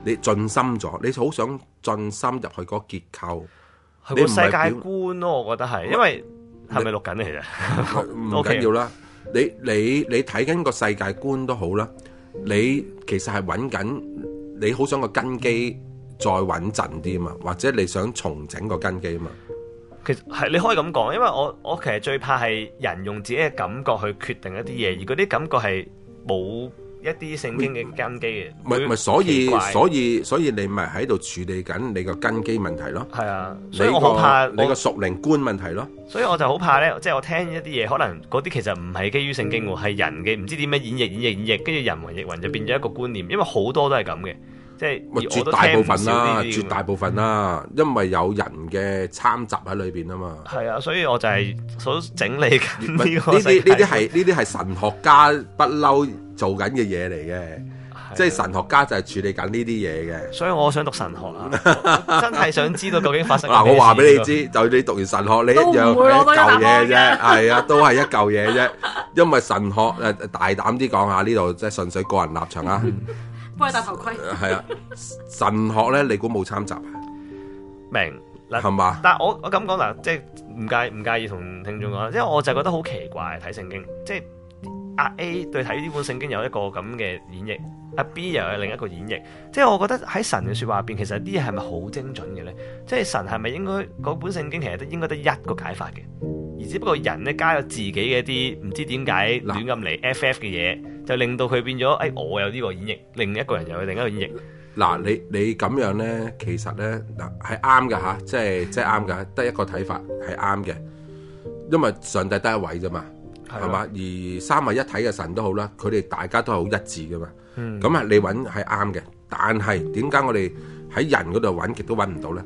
你進心咗，你好想進心入去個結構，你世界觀咯，我覺得係。因為係咪錄緊嚟啫？唔緊要啦，你你你睇緊個世界觀都好啦。你其實係揾緊，你好想個根基。再穩陣啲啊嘛，或者你想重整個根基啊嘛。其實係你可以咁講，因為我我其實最怕係人用自己嘅感覺去決定一啲嘢，而嗰啲感覺係冇一啲聖經嘅根基嘅。唔係唔係，所以所以所以，所以你咪喺度處理緊你個根基問題咯。係啊，所以我好怕你個屬靈觀問題咯。所以我就好怕咧，即係我聽一啲嘢，可能嗰啲其實唔係基於聖經，係人嘅，唔知點樣演繹演繹演繹，跟住人云亦云就變咗一個觀念，因為好多都係咁嘅。即係、啊，絕大部分啦、啊，絕大部分啦、啊嗯，因為有人嘅摻雜喺裏邊啊嘛。係啊，所以我就係想整理緊呢啲呢啲係呢啲係神學家不嬲做緊嘅嘢嚟嘅，即係神學家就係處理緊呢啲嘢嘅。所以我想讀神學啊， 真係想知道究竟發生咩事嗱， 我話俾你知，就你讀完神學，你一樣一嚿嘢啫，係 啊，都係一嚿嘢啫。因為神學誒大膽啲講下呢度，即係純粹個人立場啊。 幫佢戴頭盔、嗯。係、啊、神學咧，你估冇參集？啊？明嗱係嘛？但係我我咁講嗱，即係唔介唔介意同聽眾講，因為我就覺得好奇怪睇聖經，即係阿 A 對睇呢本聖經有一個咁嘅演繹，阿 B 又有另一個演繹，即係我覺得喺神嘅說話入邊，其實啲嘢係咪好精準嘅咧？即係神係咪應該嗰本聖經其實都應該得一個解法嘅？只不過人咧，加入自己嘅一啲唔知點解亂咁嚟 FF 嘅嘢，就令到佢變咗。哎，我有呢個演繹，另一個人又有另一個演繹。嗱，你你咁樣咧，其實咧嗱，係啱嘅吓，即係即係啱嘅，得一個睇法係啱嘅。因為上帝得一位啫嘛，係嘛、啊？而三位一體嘅神都好啦，佢哋大家都係好一致噶嘛。咁、嗯、啊，那你揾係啱嘅，但係點解我哋喺人嗰度揾，極都揾唔到咧？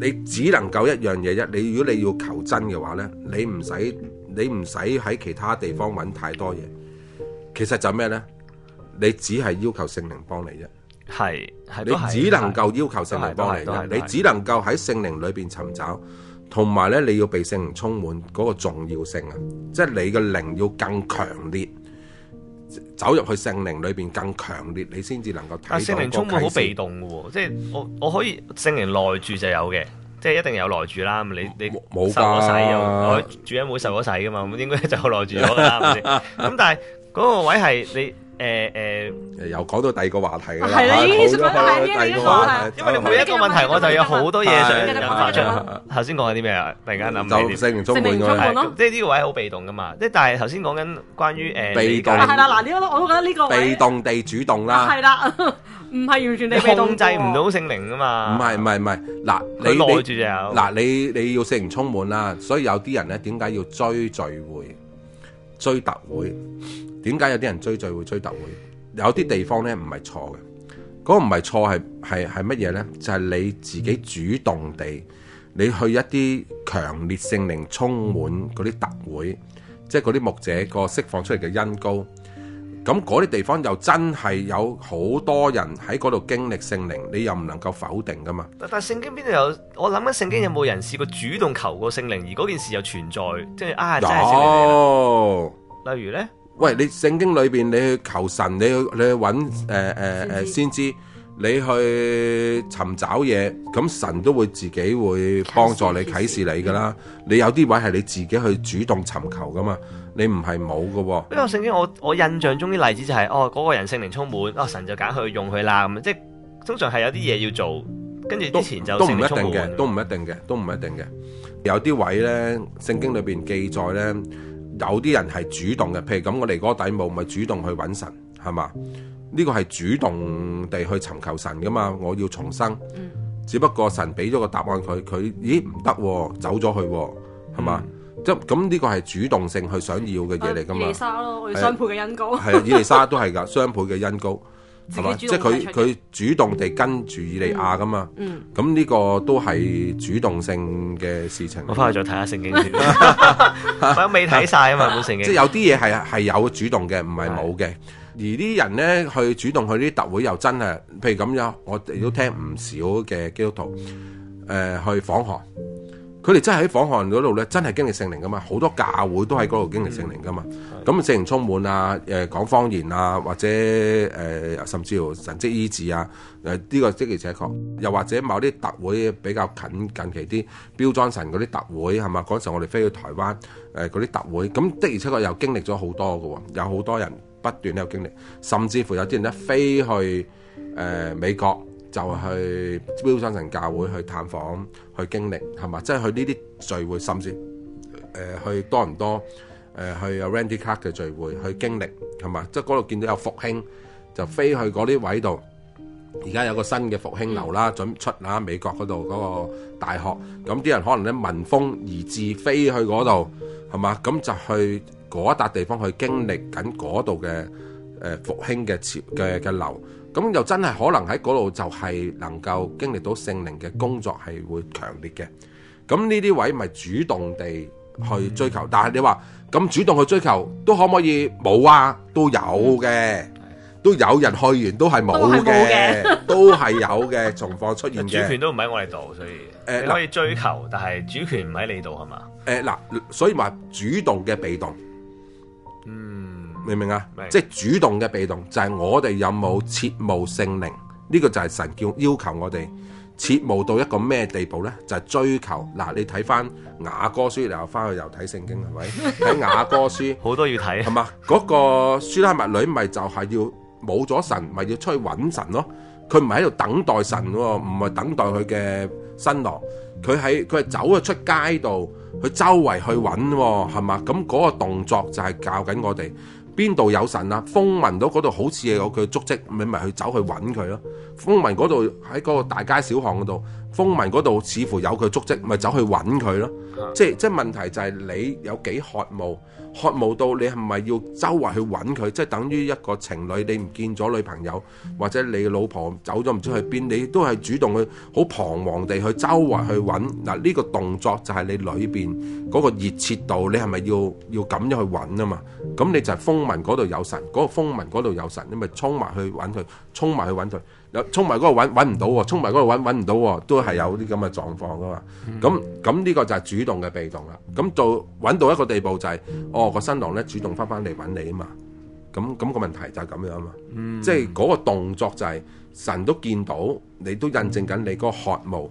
你只能夠一樣嘢啫。你如果你要求真嘅話咧，你唔使你唔使喺其他地方揾太多嘢，其實就咩咧？你只係要求聖靈幫你啫，係，你只能夠要求聖靈幫你啫，你只能夠喺聖靈裏邊尋找，同埋咧你要被聖靈充滿嗰個重要性啊，即係你嘅靈要更強烈。走入去聖靈裏面更強烈，你先至能夠睇到、啊。但聖靈充滿好被動喎，即係我我可以聖靈內住就有嘅，即係一定有內住啦。咁你你冇噶，主恩冇受咗洗嘅嘛，應該就內住咗啦。咁 但係嗰個位係你。誒、欸、誒、欸，又講到第二個話題啦，係啦，依啲問題，依啲因為每一個問題，問題就我就有好多嘢想引出。頭先講啲咩啊？突然間諗就聖靈充滿嗰樣咯，即係呢個位好被動噶嘛。即係但係頭先講緊關於誒被動係啦嗱，點、呃、解、啊、我都覺得呢個被動地主動啦、啊？係啦，唔 係完全地被動、啊、你控制唔到聖靈噶嘛？唔係唔係唔係，嗱你嗱你你要聖靈充滿啦，所以有啲人咧點解要追聚會、追特會？點解有啲人追罪會，追特會？有啲地方咧唔係錯嘅，嗰個唔係錯，係係係乜嘢咧？就係你自己主動地，你去一啲強烈聖靈充滿嗰啲特會，即係嗰啲牧者個釋放出嚟嘅恩膏，咁嗰啲地方又真係有好多人喺嗰度經歷聖靈，你又唔能夠否定噶嘛？但，但聖經邊度有？我諗緊聖經有冇人試過主動求過聖靈，而嗰件事又存在，即係啊真係聖靈嚟啦！例如咧？喂，你聖經裏面，你去求神，你去你去揾、呃，先知，你去尋找嘢，咁神都會自己會幫助你、啟示你噶啦。你有啲位係你自己去主動尋求噶嘛，你唔係冇噶。因為聖經我我印象中啲例子就係、是、哦，嗰、那個人聖靈充滿，哦神就揀佢去用佢啦咁，即係通常係有啲嘢要做，跟住之前就聖靈充滿。都唔一定嘅，都唔一定嘅，都唔一定嘅。有啲位咧，聖經裏邊記載咧。有啲人係主動嘅，譬如咁，我哋哥底母，咪主動去揾神，係嘛？呢、呢個係主動地去尋求神噶嘛？我要重生，嗯、只不過神俾咗個答案佢，佢咦唔得，走咗去了，係嘛、嗯？即咁呢個係主動性去想要嘅嘢嚟噶嘛？以利沙咯，我雙倍嘅恩膏，係以利沙都係噶 雙倍嘅恩膏。係嘛？即係佢佢主動地跟住以利亞噶嘛？咁、嗯、呢個都係主動性嘅事情。我翻去再睇下聖經先。 我未睇晒啊嘛， 本聖經。即係有啲嘢係係有主動嘅，唔係冇嘅。而啲人咧去主動去啲特會，又真係，譬如咁樣，我哋都聽唔少嘅基督徒誒、呃、去訪韓。佢哋真係喺訪韓嗰度咧，真係經歷聖靈噶嘛，好多教會都喺嗰度經歷聖靈噶嘛。咁聖靈充滿啊，誒、呃、講方言啊，或者誒、呃、甚至乎神蹟醫治啊，誒、呃、呢、這個的而且確。又或者某啲特會比較近近期啲標裝神嗰啲特會係嘛？嗰陣我哋飛去台灣誒嗰啲特會，咁的而且確又經歷咗好多㗎喎、啊，有好多人不斷都有經歷，甚至乎有啲人咧飛去誒、呃、美國。就去標新神教會去探訪，去經歷係嘛？即係去呢啲聚會，甚至誒去多唔多誒去 Randy Clark 嘅聚會，去經歷係嘛？即係嗰度見到有復興，就飛去嗰啲位度。而家有個新嘅復興流啦，準備出啦美國嗰度嗰個大學，咁啲人可能咧聞風而至飛去嗰度係嘛？咁就去嗰一笪地方去經歷緊嗰度嘅誒復興嘅潮嘅嘅流。咁又真係可能喺嗰度就係能夠經歷到聖靈嘅工作係會強烈嘅，咁呢啲位咪主動地去追求，嗯、但係你話咁主動去追求都可唔可以冇啊？都有嘅，嗯，都有人去完都係冇嘅，都係有嘅情況出現嘅。主權都唔喺我哋度，所以誒可以追求，呃、但係主權唔喺你度係嘛？誒嗱、呃，所以話主動嘅被動。明唔明啊？即係主動嘅被動就係、是、我哋有冇切慕聖靈呢、這個就係神叫要求我哋切慕到一個咩地步咧？就係、是、追求嗱，你睇翻雅歌書，然後翻去又睇聖經係咪？睇 雅歌書 好多要睇係嘛？嗰、那個書拉密女咪就係要冇咗神，咪要出去揾神咯。佢唔係喺度等待神喎，唔係等待佢嘅新郎，佢喺佢走咗出街度，佢周圍去揾係嘛？咁嗰個動作就係教緊我哋。邊度有神啊？風聞到嗰度好似有佢足跡，咪咪去走去揾佢咯。風聞嗰度喺嗰個大街小巷嗰度。風聞嗰度似乎有佢足跡，咪走去揾佢咯。即係即係問題就係你有幾渴慕，渴慕到你係咪要周圍去揾佢？即係等於一個情侶，你唔見咗女朋友，或者你老婆走咗唔知去邊，你都係主動去好彷徨地去周圍去揾嗱。呢個動作就係你裏面嗰個熱切度，你係咪要要咁樣去揾啊嘛？咁你就係風聞嗰度有神，嗰個風聞嗰度有神，你咪衝埋去揾佢，衝埋去揾佢。沖沖埋嗰度揾唔到喎、啊，沖埋嗰度揾唔到喎、啊，都係有啲咁嘅狀況噶嘛。咁咁呢個就係主動嘅，被動啦。咁到揾到一個地步就係、是、哦，個新郎咧主動翻翻嚟揾你啊嘛。咁咁、那個問題就係咁樣啊嘛，嗯、即係嗰個動作就係神都見到你都印證緊你個個渴慕，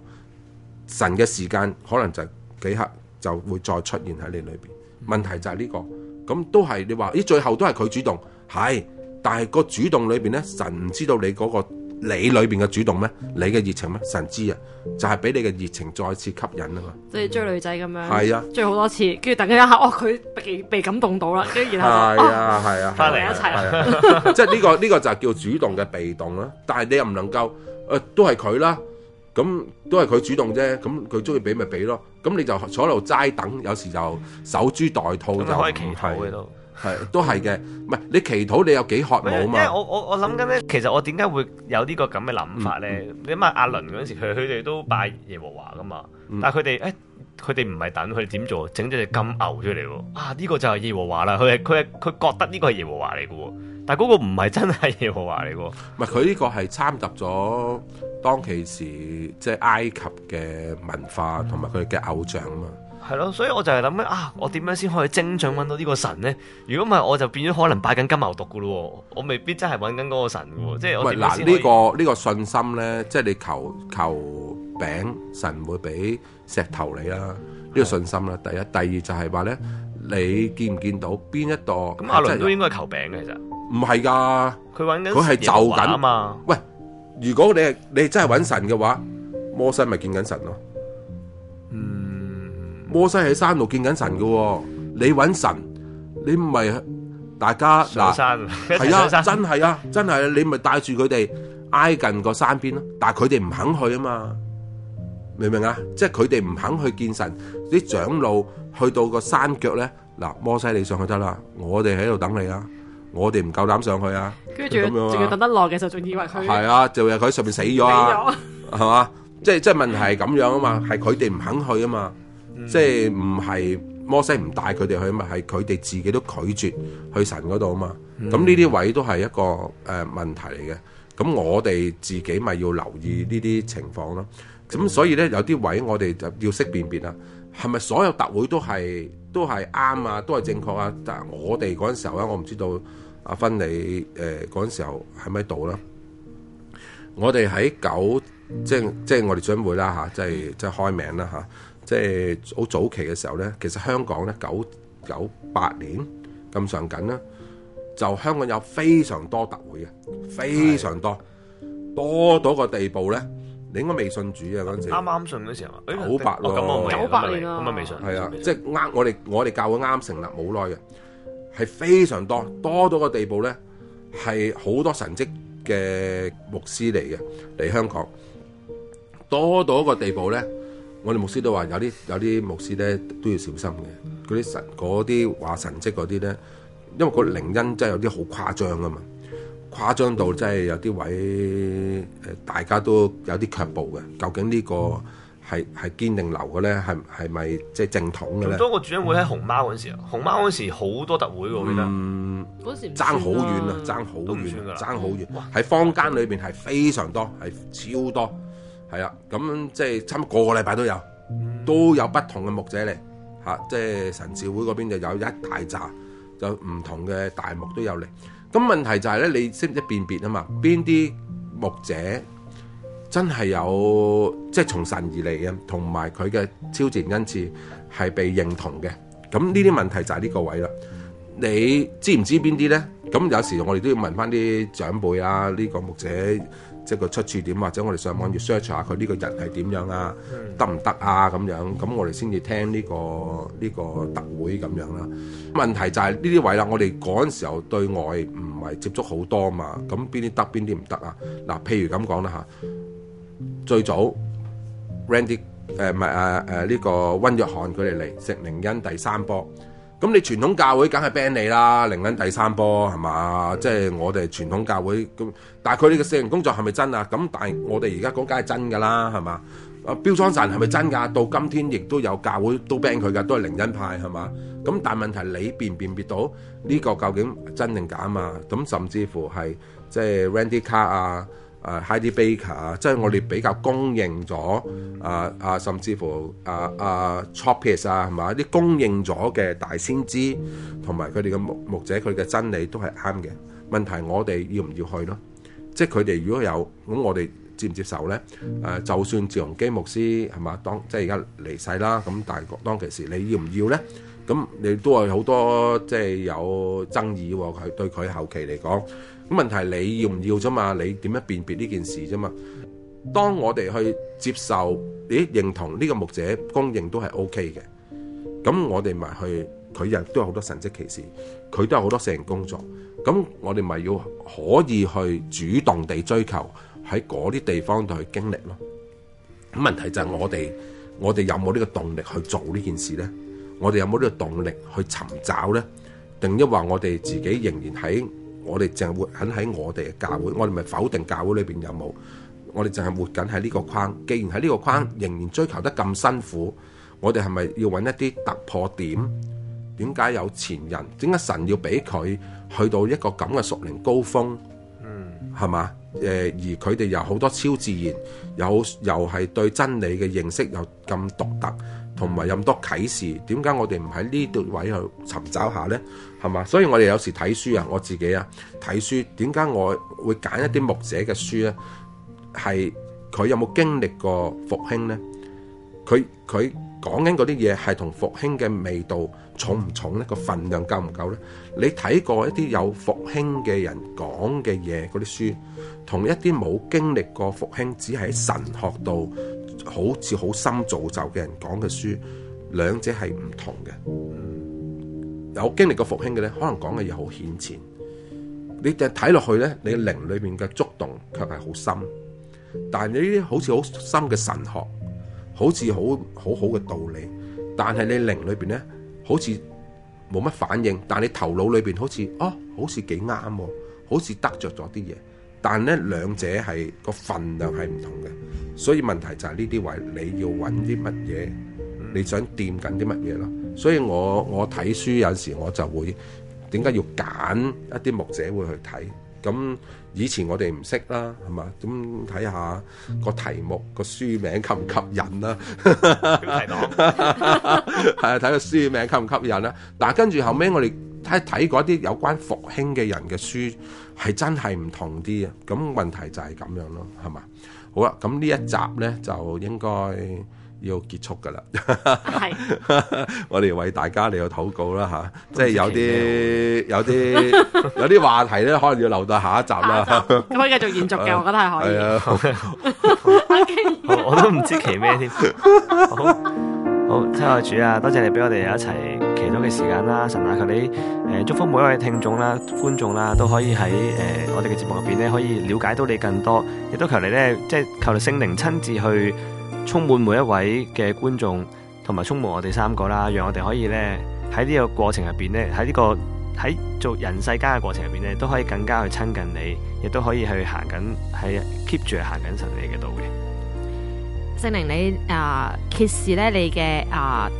神嘅時間可能就幾刻就會再出現喺你裏面。問題就係呢、這個咁都係你話咦？最後都係佢主動係，但係個主動裏面咧，神唔知道你嗰、那個。你裏邊嘅主動咩？你嘅熱情咩？神知啊，就係、是、俾你嘅熱情再次吸引啊嘛！即、就、係、是、追女仔咁樣，係啊，追好多次，跟住突然一下，哦，佢被被感動到啦，跟住然後啊，返嚟一齊，即係呢個呢個就係叫主動嘅被動啦。但係你又唔能夠誒，都係佢啦，咁都係佢主動啫，咁佢中意俾咪俾咯，咁你就坐喺度齋等，有時就守株待兔、嗯、就係。係都係嘅，唔、嗯、係你祈禱你有幾渴慕嘛？我我我諗緊咧，其實我點解會有呢個咁嘅諗法咧？你諗下亞倫嗰時候，佢佢哋都拜耶和華噶嘛？嗯、但係佢哋誒，佢哋唔係等佢哋點做，整隻金牛出嚟喎。啊，呢個就係耶和華啦，佢係佢係佢覺得呢個係耶和華嚟噶，但係嗰個唔係真係耶和華嚟噶。唔係佢呢個係參雜咗當其時即係埃及嘅文化同埋佢嘅偶像啊嘛。係咯，所以我就係諗咧啊，我點樣先可以精準揾到呢個神咧？如果唔係，我就變咗可能拜緊金牛犢噶咯，我未必真係揾緊嗰個神噶、嗯，即係我嗱呢、啊這個呢、這個信心咧，即係你求求餅，神會俾石頭你啦，呢、這個信心啦。第一、第二就係話咧，你見唔見到邊一度咁阿倫都應該求餅嘅其實不是，唔係噶，佢揾緊佢係就緊啊嘛。喂，如果你係你真係揾神嘅話，摩西咪見緊神咯。摩西喺山度見緊神噶、哦，你搵神，你唔係大家嗱，係啊，啊，真係啊，真係，你咪帶住佢哋挨近個山邊咯。但係佢哋唔肯去啊嘛，明唔明啊？即係佢哋唔肯去見神，啲長老去到個山腳咧，嗱，摩西你上去得啦，我哋喺度等你啊，我哋唔夠膽上去啊，跟住仲要等得耐嘅時候，仲以為佢係啊，就係佢喺上邊死咗啊，係、啊嗯、嘛？即係即係問題係咁樣啊嘛，係佢哋唔肯去啊嘛。即係唔係摩西唔帶佢哋去嘛？係佢哋自己都拒絕去神嗰度啊嘛！咁呢啲位都係一個誒問題嚟嘅。咁我哋自己咪要留意呢啲情況咯。咁所以咧，有啲位我哋就要識辨別啦。係咪所有特會都係都係啱啊？都係正確啊？但係我哋嗰陣時候咧，我唔知道阿芬你誒嗰陣時候係咪喺度啦。我哋喺九，即即係我哋準備啦嚇，即係即係開名啦嚇。即係好早期嘅時候咧，其實香港咧九九八年咁上緊啦，就香港有非常多特會嘅，非常多，多到個地步咧，你應該未信主啊嗰陣？啱啱信嗰時好白，九百喎，九八、哦、年咯，係啊，即係呃，我哋我哋教會啱成立冇耐嘅，係非常多，多到個地步咧，係好多神職嘅牧師嚟嘅嚟香港，多到一個地步咧。我哋牧師都話有啲有啲牧師咧都要小心嘅，嗰啲神啲話神蹟嗰啲咧，因為嗰靈恩真係有啲好誇張㗎嘛，誇張到真係有啲位誒，大家都有啲卻步嘅。究竟呢個係係堅定流嘅咧，係係咪即係正統嘅咧？多過主人會喺紅貓嗰陣時，嗯、紅貓嗰陣時好多特會我記得時爭好遠啊，爭好遠，爭好遠。喺坊間裏邊係非常多，係超多。係啊，咁即係差唔多個個禮拜都有，都有不同嘅牧者嚟，吓，即係神召會嗰邊就有一大扎，就唔同嘅大牧都有嚟。咁問題就係咧，你識唔識辨別啊嘛？邊啲牧者真係有即係從神而嚟嘅，同埋佢嘅超自然恩賜係被認同嘅。咁呢啲問題就係呢個位啦。你知唔知邊啲咧？咁有時候我哋都要問翻啲長輩啊，呢、這個牧者。即係個出處點，或者我哋上網要 search 下佢呢個人係點樣啊，得唔得啊咁樣，咁我哋先至聽呢、呢個呢、呢個特會咁樣啦、啊。問題就係呢啲位啦，我哋嗰陣時候對外唔係接觸好多嘛，咁邊啲得邊啲唔得啊？嗱、啊，譬如咁講啦嚇，最早 Randy 誒唔係啊誒呢、啊啊啊呢個溫約翰佢哋嚟，石寧恩第三波。咁你傳統教會梗係 ban 你啦，靈恩第三波係嘛？即係我哋傳統教會咁，但係佢哋嘅聖靈工作係咪真啊？咁但係我哋而家講梗係真㗎啦，係嘛？啊，標槍神係咪真㗎？到今天亦都有教會都 ban 佢㗎，都係靈恩派係嘛？咁但係問題你辨唔辨別到呢個究竟真定假啊？咁甚至乎係即係 Randy Clark 啊？誒、uh，Heidi Baker 是啊，即係我哋比較公認咗，啊啊，甚至乎啊啊，Chopius 啊，係嘛，啲公認咗嘅大先知，同埋佢哋嘅牧牧者，佢嘅真理都係啱嘅。問題我哋要唔要去咯？即係佢哋如果有，咁我哋接唔接受咧？誒、啊，就算趙鏞基牧師係嘛，當即係而家離世啦，咁但係當其時你要唔要咧？咁你都係好多即係有爭議喎。佢對佢後期嚟講。咁問題係你要唔要啫嘛？你點樣辨別呢件事啫嘛？當我哋去接受、誒、欸、認同呢個牧者供應都係 O K 嘅，咁我哋咪去，佢亦都有好多神蹟奇事，佢都有好多聖人工作。咁我哋咪要可以去主動地追求喺嗰啲地方度去經歷咯。咁問題就係我哋我哋有冇呢個動力去做呢件事咧？我哋有冇呢個動力去尋找咧？定一話我哋自己仍然喺？我哋淨係活緊喺我哋嘅教會，我哋唔係否定教會裏邊有冇？我哋淨係活緊喺呢個框。既然喺呢個框，仍然追求得咁辛苦，我哋係咪要揾一啲突破點？點解有前人？點解神要俾佢去到一個咁嘅屬靈高峰？嗯，係嘛？誒，而佢哋又好多超自然，有又係對真理嘅認識又咁獨特，同埋咁多啟示。點解我哋唔喺呢段位去尋找下呢？係嘛？所以我哋有時睇書啊，我自己啊睇書，點解我會揀一啲牧者嘅書咧？係佢有冇經歷過復興呢？佢佢講緊嗰啲嘢係同復興嘅味道重唔重呢？個份量夠唔夠呢？你睇過一啲有復興嘅人講嘅嘢嗰啲書，同一啲冇經歷過復興，只係神學度好似好深造就嘅人講嘅書，兩者係唔同嘅。有經歷過復興嘅咧，可能講嘅嘢好顯淺，你就睇落去咧，你靈裏邊嘅觸動卻係好深。但係你呢啲好似好深嘅神學，好似好好好嘅道理，但係你靈裏邊咧好似冇乜反應。但係你頭腦裏邊好似哦，好似幾啱，好似得着咗啲嘢。但係咧，兩者係個分量係唔同嘅，所以問題就係呢啲位，你要揾啲乜嘢，你想掂緊啲乜嘢咯？所以我我睇書，有時我就會，點解要揀一啲牧者會去睇？咁以前我哋唔識啦，係嘛？咁睇下個題目個、嗯、書名吸唔吸引啦？係睇個書名吸唔吸引啦？嗱， 跟住後尾我哋睇嗰啲有關復興嘅人嘅書，係真係唔同啲嘅。咁問題就係咁樣咯，係嘛？好啦，咁呢一集咧就應該。要結束噶啦、啊，係 我哋為大家嚟去禱告啦吓，即係有啲有啲有啲話題咧， 可能要留到下一集啦。咁 可以繼續延續嘅、啊，我覺得係可以、哎好 好 好。我都唔知祈咩添。好，親愛的主啊，多謝你俾我哋一齊祈禱嘅時間啦，神啊，求你誒，祝福每一位聽眾啦、觀眾啦，都可以喺誒、呃、我哋嘅節目入邊咧，可以了解到你更多，亦都求你咧，即係求你聖靈親自去。充滿每一位嘅觀眾，同埋充滿我哋三個啦，讓我哋可以咧喺呢個過程入邊咧，喺呢、呢個喺做人世間嘅過程入邊咧，都可以更加去親近你，亦都可以去行緊喺 keep 住行緊神的聖靈你嘅道嘅。聖靈你啊，揭示咧你嘅啊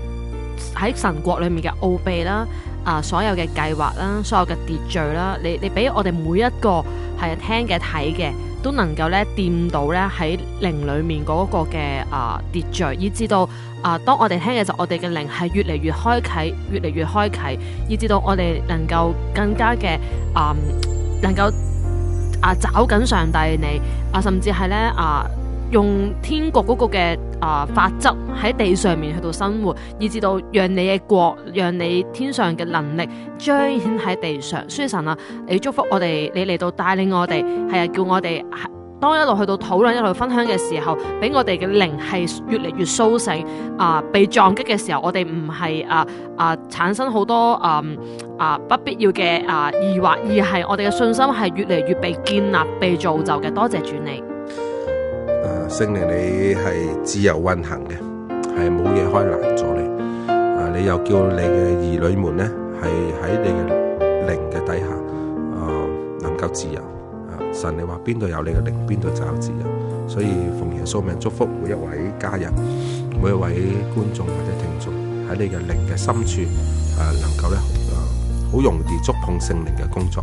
喺神國裏面嘅奧秘啦。啊！所有嘅計劃啦，所有嘅秩序啦，你你俾我哋每一個係聽嘅睇嘅，都能夠咧掂到咧喺靈裏面嗰個嘅啊秩序，以至到啊當我哋聽嘅時候，我哋嘅靈係越嚟越開啟，越嚟越開啟，以至到我哋能夠更加嘅嗯、啊，能夠啊找緊上帝你啊，甚至係咧啊。用天國嗰個嘅啊法則喺地上面去到生活，以至到讓你嘅國，讓你天上嘅能力彰顯喺地上。所以神啊，你祝福我哋，你嚟到帶領我哋，係啊叫我哋當一路去到討論，一路分享嘅時候，俾我哋嘅靈係越嚟越蘇醒啊、呃！被撞擊嘅時候，我哋唔係啊啊產生好多啊啊、呃呃、不必要嘅啊疑惑，而係我哋嘅信心係越嚟越被建立、被造就嘅。多謝主你。誒、呃，聖靈你係自由運行嘅，係冇嘢開難咗你。啊、呃，你又叫你嘅兒女們呢，係喺你嘅靈嘅底下，啊、呃，能夠自由。啊、呃，神你話邊度有你嘅靈，邊度就有自由。所以奉耶穌命祝福每一位家人，每一位觀眾或者聽眾喺你嘅靈嘅深處，啊、呃，能夠咧，好容易觸碰聖靈嘅工作，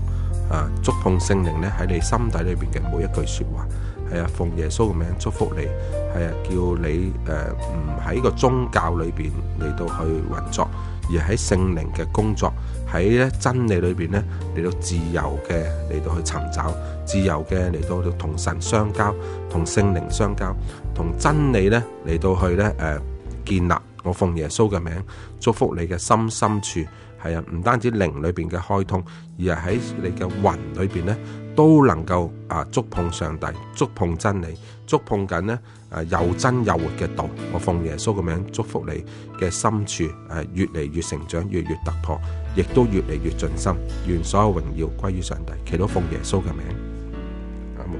啊、呃，觸碰聖靈呢，喺你心底裏邊嘅每一句說話。係啊，奉耶穌嘅名祝福你，係啊，叫你誒唔喺個宗教裏邊嚟到去運作，而喺聖靈嘅工作，喺咧真理裏邊咧嚟到自由嘅嚟到去尋找，自由嘅嚟到同神相交，同聖靈相交，同真理咧嚟到去咧誒建立。我奉耶穌嘅名祝福你嘅心深處，係啊，唔單止靈裏邊嘅開通，而係喺你嘅魂裏邊咧。都能夠啊觸碰上帝、觸碰真理、觸碰緊咧誒又真又活嘅道。我奉耶穌嘅名祝福你嘅心處誒越嚟越成長、越嚟越突破，亦都越嚟越盡心。願所有榮耀歸於上帝。祈禱奉耶穌嘅名。阿門。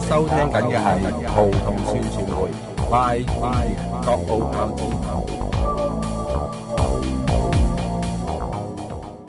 收聽緊嘅係。